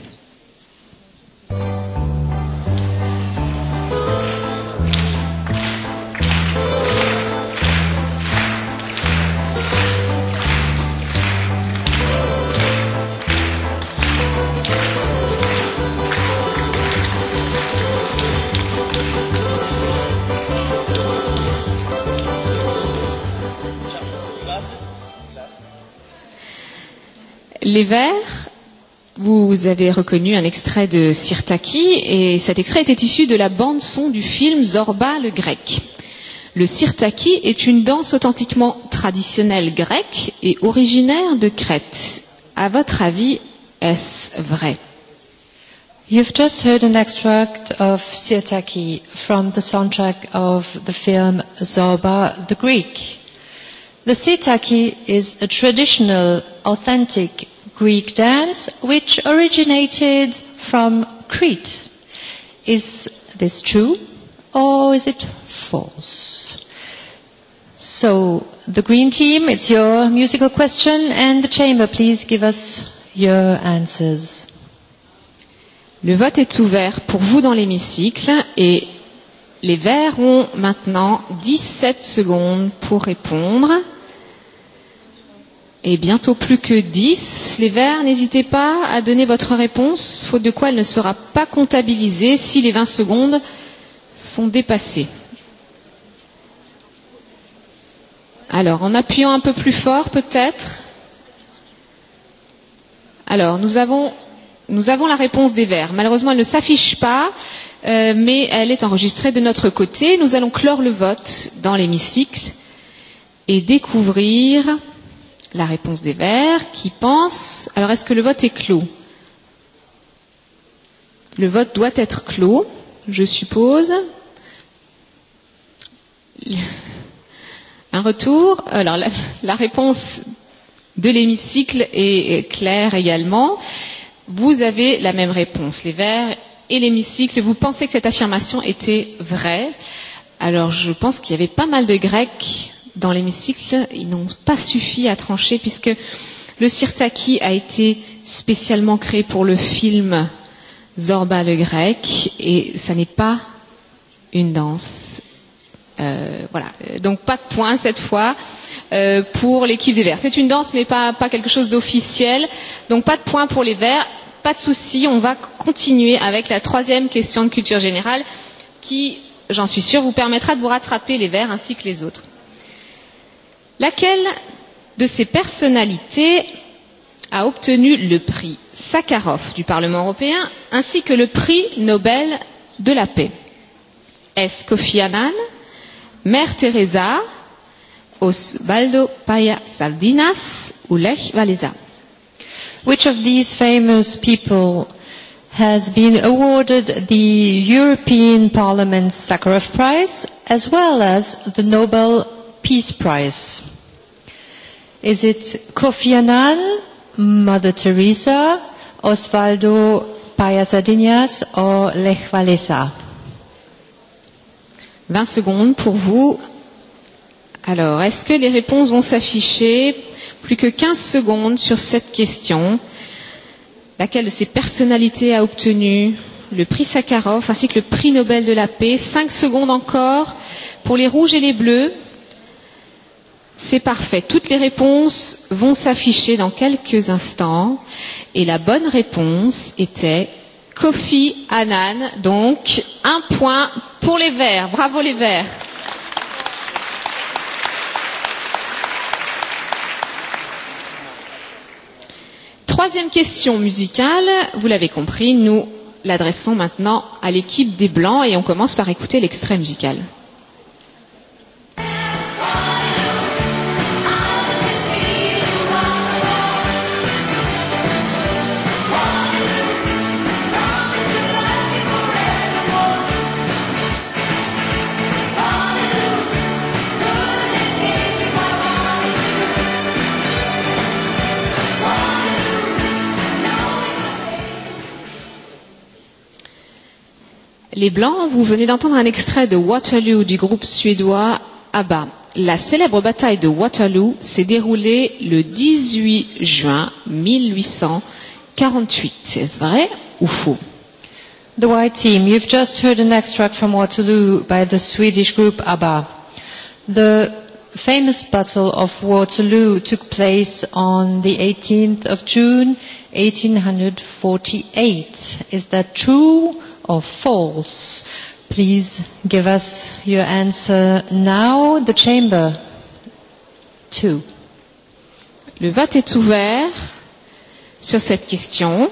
Les Verts, vous avez reconnu un extrait de Sirtaki et cet extrait était issu de la bande-son du film Zorba le grec. Le Sirtaki est une danse authentiquement traditionnelle grecque et originaire de Crète. À votre avis, est-ce vrai You've just heard an extract of Sirtaki from the soundtrack of the film Zorba the Greek. The sitaki is a traditional, authentic Greek dance which originated from Crete. Is this true or is it false? So, the green team, it's your musical question and the chamber, please give us your answers. Le vote est ouvert pour vous dans l'hémicycle et les verts ont maintenant 17 secondes pour répondre. Et bientôt plus que 10. Les verts, n'hésitez pas à donner votre réponse, faute de quoi elle ne sera pas comptabilisée si les 20 secondes sont dépassées. Alors, en appuyant un peu plus fort, peut-être. Alors, nous avons, nous avons la réponse des verts. Malheureusement, elle ne s'affiche pas, mais elle est enregistrée de notre côté. Nous allons clore le vote dans l'hémicycle et découvrir la réponse des Verts. Qui pense Alors, est-ce que le vote est clos Le vote doit être clos, je suppose. Un retour Alors, la, la réponse de l'hémicycle est claire également. Vous avez la même réponse, les Verts et l'hémicycle. Vous pensez que cette affirmation était vraie alors je pense qu'il y avait pas mal de Grecs dans l'hémicycle, ils n'ont pas suffi à trancher puisque le Sirtaki a été spécialement créé pour le film Zorba le grec et ça n'est pas une danse. Euh, voilà. Donc pas de points cette fois euh, pour l'équipe des Verts. C'est une danse mais pas, pas quelque chose d'officiel. Donc pas de points pour les Verts. Pas de souci, on va continuer avec la troisième question de culture générale qui, j'en suis sûre, vous permettra de vous rattraper les Verts ainsi que les autres. Laquelle de ces personnalités a obtenu le prix Sakharov du Parlement européen ainsi que le prix Nobel de la paix Est-ce Kofi Annan, Mère Teresa, Osvaldo Paya Saldinas ou Lech Walesa Which of these famous people has been awarded the European Parliament's Sakharov Prize as well as the Nobel Peace Prize? Is it Kofi Annan, Mother Teresa, Osvaldo Payasadinas or Lech Walesa? 20 secondes pour vous. Alors, est-ce que les réponses vont s'afficher Plus que 15 secondes sur cette question. Laquelle de ces personnalités a obtenu le prix Sakharov ainsi que le prix Nobel de la paix 5 secondes encore pour les rouges et les bleus. C'est parfait. Toutes les réponses vont s'afficher dans quelques instants. Et la bonne réponse était Kofi Annan. Donc, un point pour les Verts. Bravo les Verts. Troisième question musicale. Vous l'avez compris, nous l'adressons maintenant à l'équipe des Blancs et on commence par écouter l'extrait musical. Les Blancs, vous venez d'entendre un extrait de Waterloo du groupe suédois ABBA. La célèbre bataille de Waterloo s'est déroulée le 18 juin 1848. Est-ce vrai ou faux The White Team, you've just heard an extract from Waterloo by the Swedish group ABBA. The famous Battle of Waterloo took place on the 18th of June 1848. Is that true or false? Please give us your answer now. The chamber. Two. Le vote est ouvert sur cette question.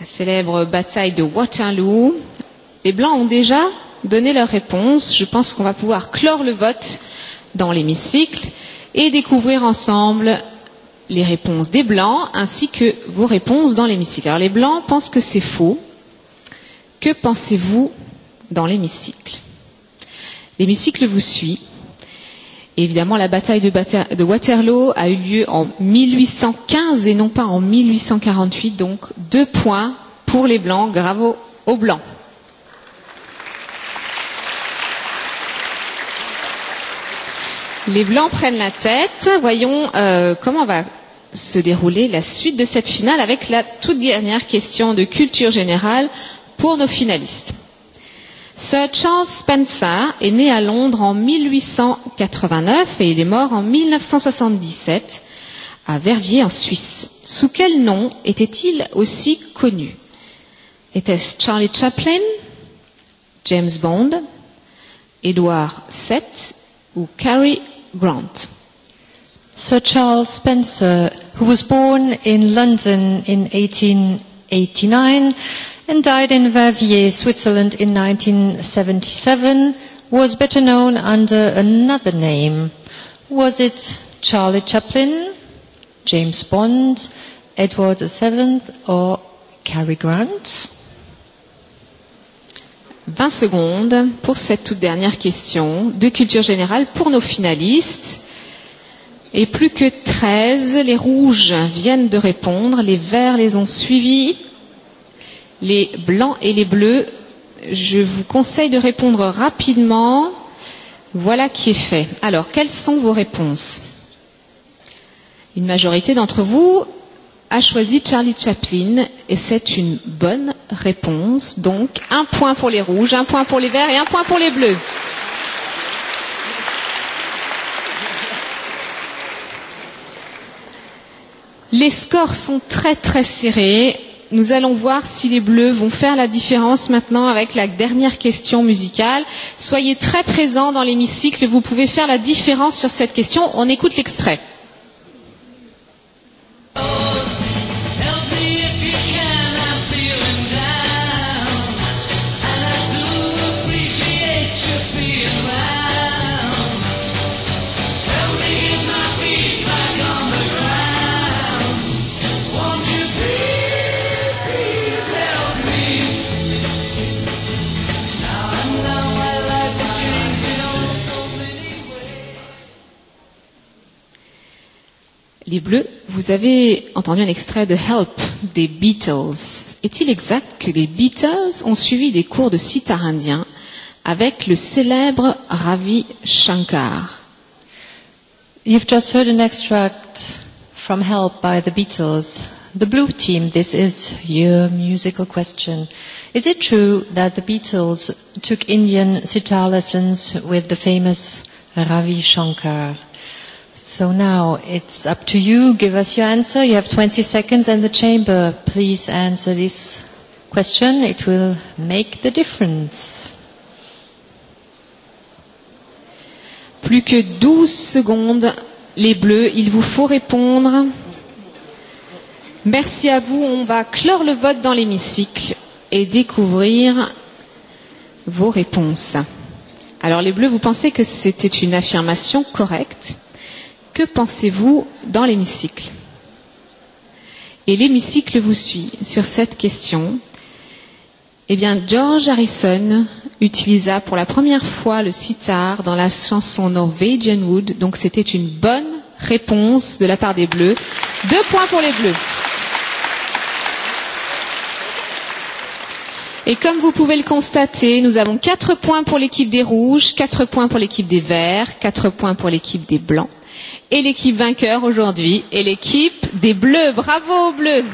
La célèbre bataille de Waterloo. Les Blancs ont déjà donné leur réponse. Je pense qu'on va pouvoir clore le vote dans l'hémicycle et découvrir ensemble les réponses des Blancs ainsi que vos réponses dans l'hémicycle. Alors les Blancs pensent que c'est faux. Que pensez-vous dans l'hémicycle L'hémicycle vous suit. Évidemment, la bataille de Waterloo a eu lieu en 1815 et non pas en 1848, donc deux points pour les Blancs, bravo aux Blancs. Les Blancs prennent la tête. Voyons comment va se dérouler la suite de cette finale avec la toute dernière question de culture générale pour nos finalistes. Sir Charles Spencer est né à Londres en 1889 et il est mort en 1977 à Verviers en Suisse. Sous quel nom était-il aussi connu Était-ce Charlie Chaplin, James Bond, Edward VII ou Cary Grant Sir Charles Spencer, who was born in London in 1889, and died in Verviers, Switzerland in 1977, was better known under another name. Was it Charlie Chaplin, James Bond, Edward VII or Cary Grant 20 secondes pour cette toute dernière question de culture générale pour nos finalistes. Et plus que 13, les rouges viennent de répondre, les verts les ont suivis les blancs et les bleus. Je vous conseille de répondre rapidement. Voilà qui est fait. Alors, quelles sont vos réponses Une majorité d'entre vous a choisi Charlie Chaplin et c'est une bonne réponse. Donc, un point pour les rouges, un point pour les verts et un point pour les bleus. Les scores sont très très serrés nous allons voir si les bleus vont faire la différence maintenant avec la dernière question musicale. Soyez très présents dans l'hémicycle, vous pouvez faire la différence sur cette question. On écoute l'extrait. Les Bleus, vous avez entendu un extrait de Help des Beatles. Est-il exact que les Beatles ont suivi des cours de sitar indien avec le célèbre Ravi Shankar You've just heard an extract from Help by the Beatles. The Blue Team, this is your musical question. Is it true that the Beatles took Indian sitar lessons with the famous Ravi Shankar? So now it's up to you. Give us your answer. You have 20 seconds and the chamber. Please answer this question. It will make the difference. Plus que 12 secondes, les bleus, il vous faut répondre. Merci à vous. On va clore le vote dans l'hémicycle et découvrir vos réponses. Alors les bleus, vous pensez que c'était une affirmation correcte que pensez-vous dans l'hémicycle Et l'hémicycle vous suit sur cette question. Eh bien, George Harrison utilisa pour la première fois le sitar dans la chanson Norwegian Wood, donc c'était une bonne réponse de la part des Bleus. Deux points pour les Bleus. Et comme vous pouvez le constater, nous avons quatre points pour l'équipe des Rouges, quatre points pour l'équipe des Verts, quatre points pour l'équipe des Blancs et l'équipe vainqueur aujourd'hui est l'équipe des Bleus. Bravo aux Bleus.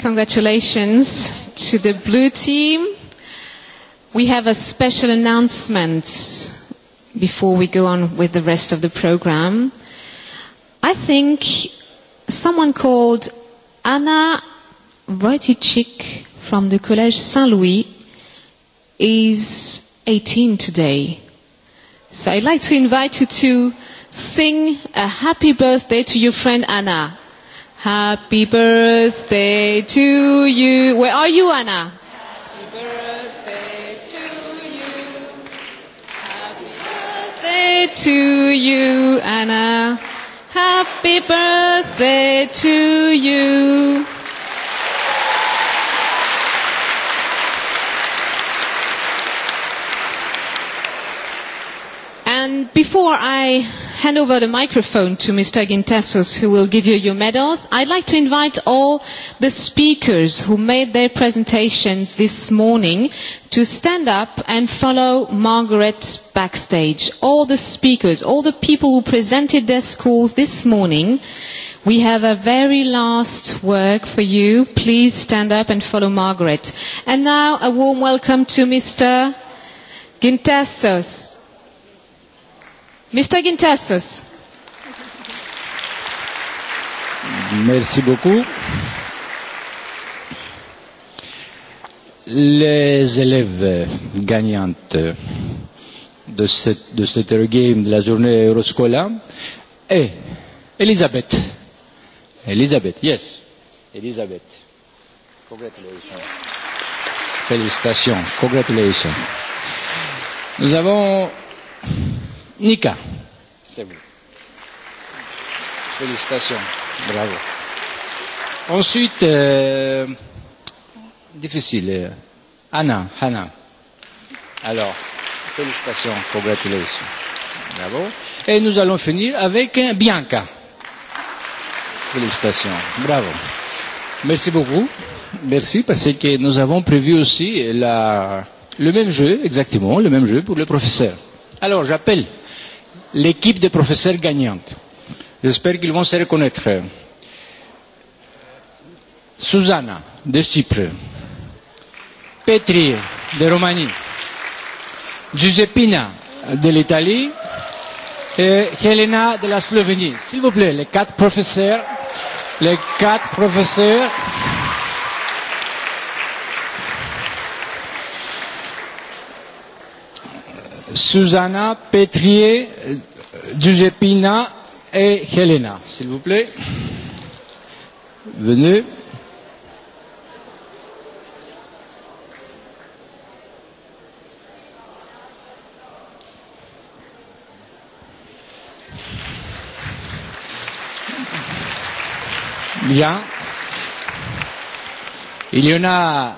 Congratulations to the blue team. We have a special announcement before we go on with the rest of the program. I think someone called Anna Wojtyczyk from the Collège Saint-Louis is 18 today. So I'd like to invite you to sing a happy birthday to your friend Anna. Happy birthday to you. Where are you, Anna? Happy birthday to you. Happy birthday to you, Anna. Happy birthday to you. And before I hand over the microphone to Mr. Guintasos who will give you your medals, I'd like to invite all the speakers who made their presentations this morning to stand up and follow Margaret backstage. All the speakers, all the people who presented their schools this morning, we have a very last work for you. Please stand up and follow Margaret. And now a warm welcome to Mr. Gintasos. Mr. Gintasos. Merci beaucoup. Les élèves gagnantes de cette, de cette game de la journée Euroscola est Elisabeth. Elisabeth, yes. Elisabeth. Congratulations. Félicitations. Congratulations. Nous avons Nika. C'est vous. Félicitations. Bravo. Ensuite, euh, difficile. Anna, Hannah. Alors, félicitations, congratulations. Bravo. Et nous allons finir avec Bianca. Félicitations. Bravo. Merci beaucoup. Merci parce que nous avons prévu aussi la, le même jeu, exactement, le même jeu pour le professeur. Alors, j'appelle l'équipe des professeurs gagnantes. J'espère qu'ils vont se reconnaître. Susanna de Chypre, Petri de Roumanie, Giuseppina de l'Italie et Helena de la Slovénie. S'il vous plaît, les quatre professeurs, les quatre professeurs. Susanna Pétrier, Giuseppina et Helena, s'il vous plaît. Venez. Bien. Il y en a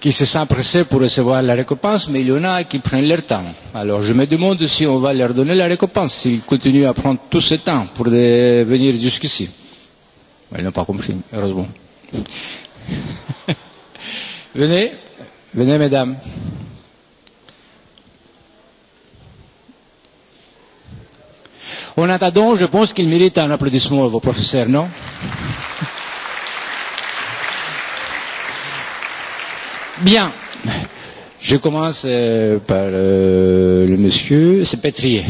qui se sent pressé pour recevoir la récompense, mais il y en a qui prennent leur temps. Alors je me demande si on va leur donner la récompense, s'ils continuent à prendre tout ce temps pour venir jusqu'ici. Ils n'ont pas compris, heureusement. venez, venez mesdames. En attendant, je pense qu'il mérite un applaudissement à vos professeurs, non Bien. Je commence par le monsieur. C'est Pétrier.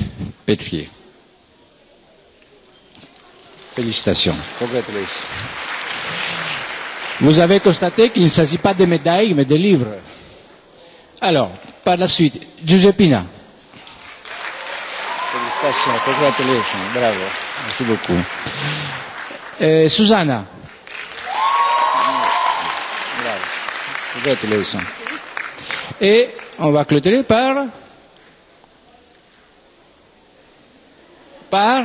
Félicitations. Congratulations. Vous avez constaté qu'il ne s'agit pas de médailles, mais de livres. Alors, par la suite, Giuseppina. Félicitations. Congratulations. Bravo. Merci beaucoup. Euh, Susanna. Et on va clôturer par. Par.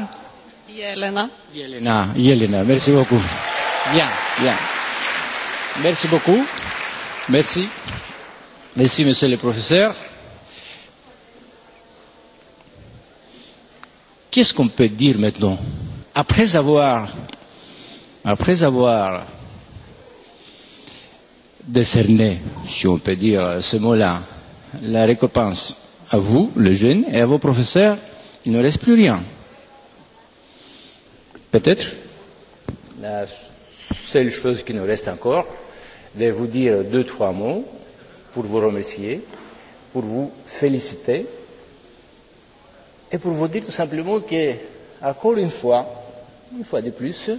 Yelena. Yelena. Yelena. Merci beaucoup. Bien, bien. Merci beaucoup. Merci. Merci, monsieur le professeur. Qu'est-ce qu'on peut dire maintenant Après avoir, après avoir décerner, si on peut dire ce mot-là, la récompense à vous, les jeunes, et à vos professeurs, il ne reste plus rien. Peut-être la seule chose qui nous reste encore, de vous dire deux, trois mots pour vous remercier, pour vous féliciter et pour vous dire tout simplement que, encore une fois, une fois de plus,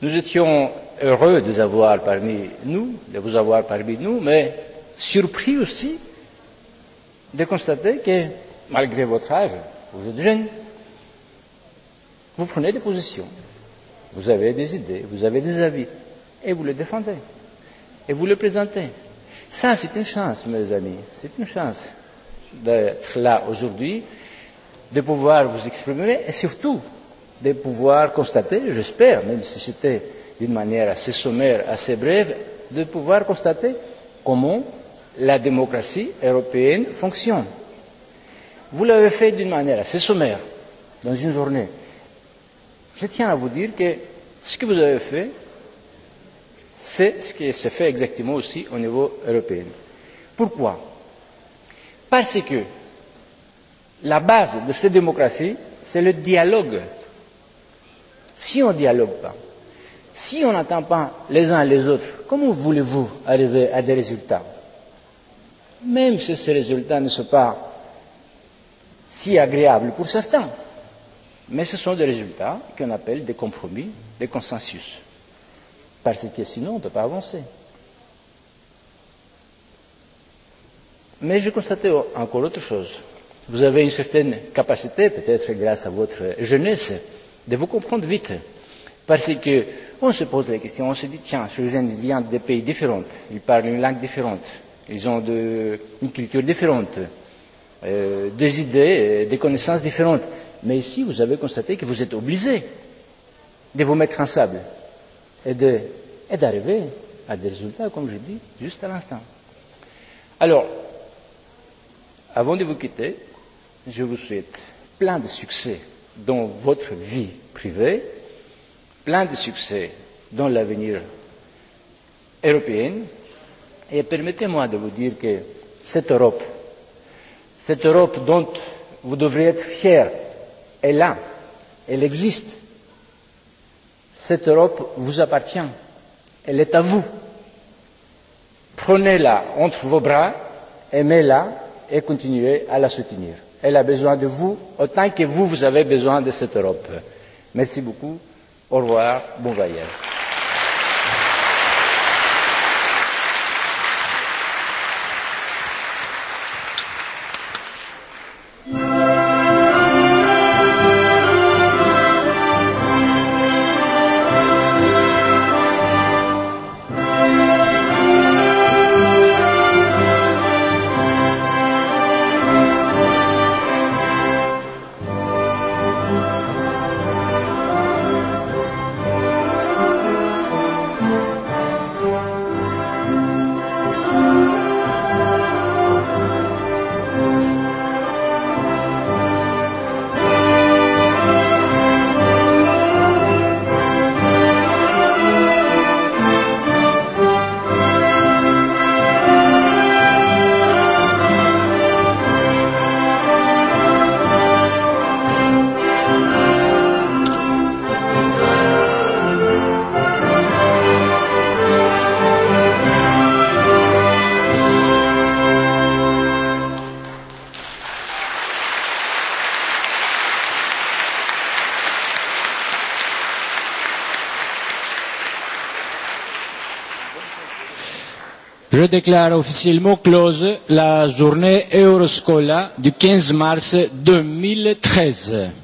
nous étions heureux de vous avoir parmi nous, de vous avoir parmi nous, mais surpris aussi de constater que, malgré votre âge, vous êtes jeune, vous prenez des positions, vous avez des idées, vous avez des avis, et vous les défendez, et vous les présentez. Ça, c'est une chance, mes amis, c'est une chance d'être là aujourd'hui, de pouvoir vous exprimer, et surtout de pouvoir constater, j'espère, même si c'était d'une manière assez sommaire, assez brève, de pouvoir constater comment la démocratie européenne fonctionne. Vous l'avez fait d'une manière assez sommaire, dans une journée. Je tiens à vous dire que ce que vous avez fait, c'est ce qui se fait exactement aussi au niveau européen. Pourquoi Parce que la base de cette démocratie, c'est le dialogue. Si on ne dialogue pas, Si on n'attend pas les uns les autres, comment voulez-vous arriver à des résultats Même si ces résultats ne sont pas si agréables pour certains. Mais ce sont des résultats qu'on appelle des compromis, des consensus. Parce que sinon, on ne peut pas avancer. Mais je constate encore autre chose. Vous avez une certaine capacité, peut-être grâce à votre jeunesse, de vous comprendre vite. Parce que on se pose la question, on se dit, tiens, ce jeune viennent de pays différents, ils parlent une langue différente, ils ont de, une culture différente, des idées, des connaissances différentes. Mais ici, vous avez constaté que vous êtes obligé de vous mettre en sable et d'arriver à des résultats, comme je dis, juste à l'instant. Alors, avant de vous quitter, je vous souhaite plein de succès dans votre vie privée plein de succès dans l'avenir européen. Et permettez-moi de vous dire que cette Europe, cette Europe dont vous devriez être fier, est là, elle existe. Cette Europe vous appartient, elle est à vous. Prenez-la entre vos bras, aimez-la et continuez à la soutenir. Elle a besoin de vous autant que vous, vous avez besoin de cette Europe. Merci beaucoup. Au revoir, bon voyage. déclare officiellement close la journée Euroscola du 15 mars 2013.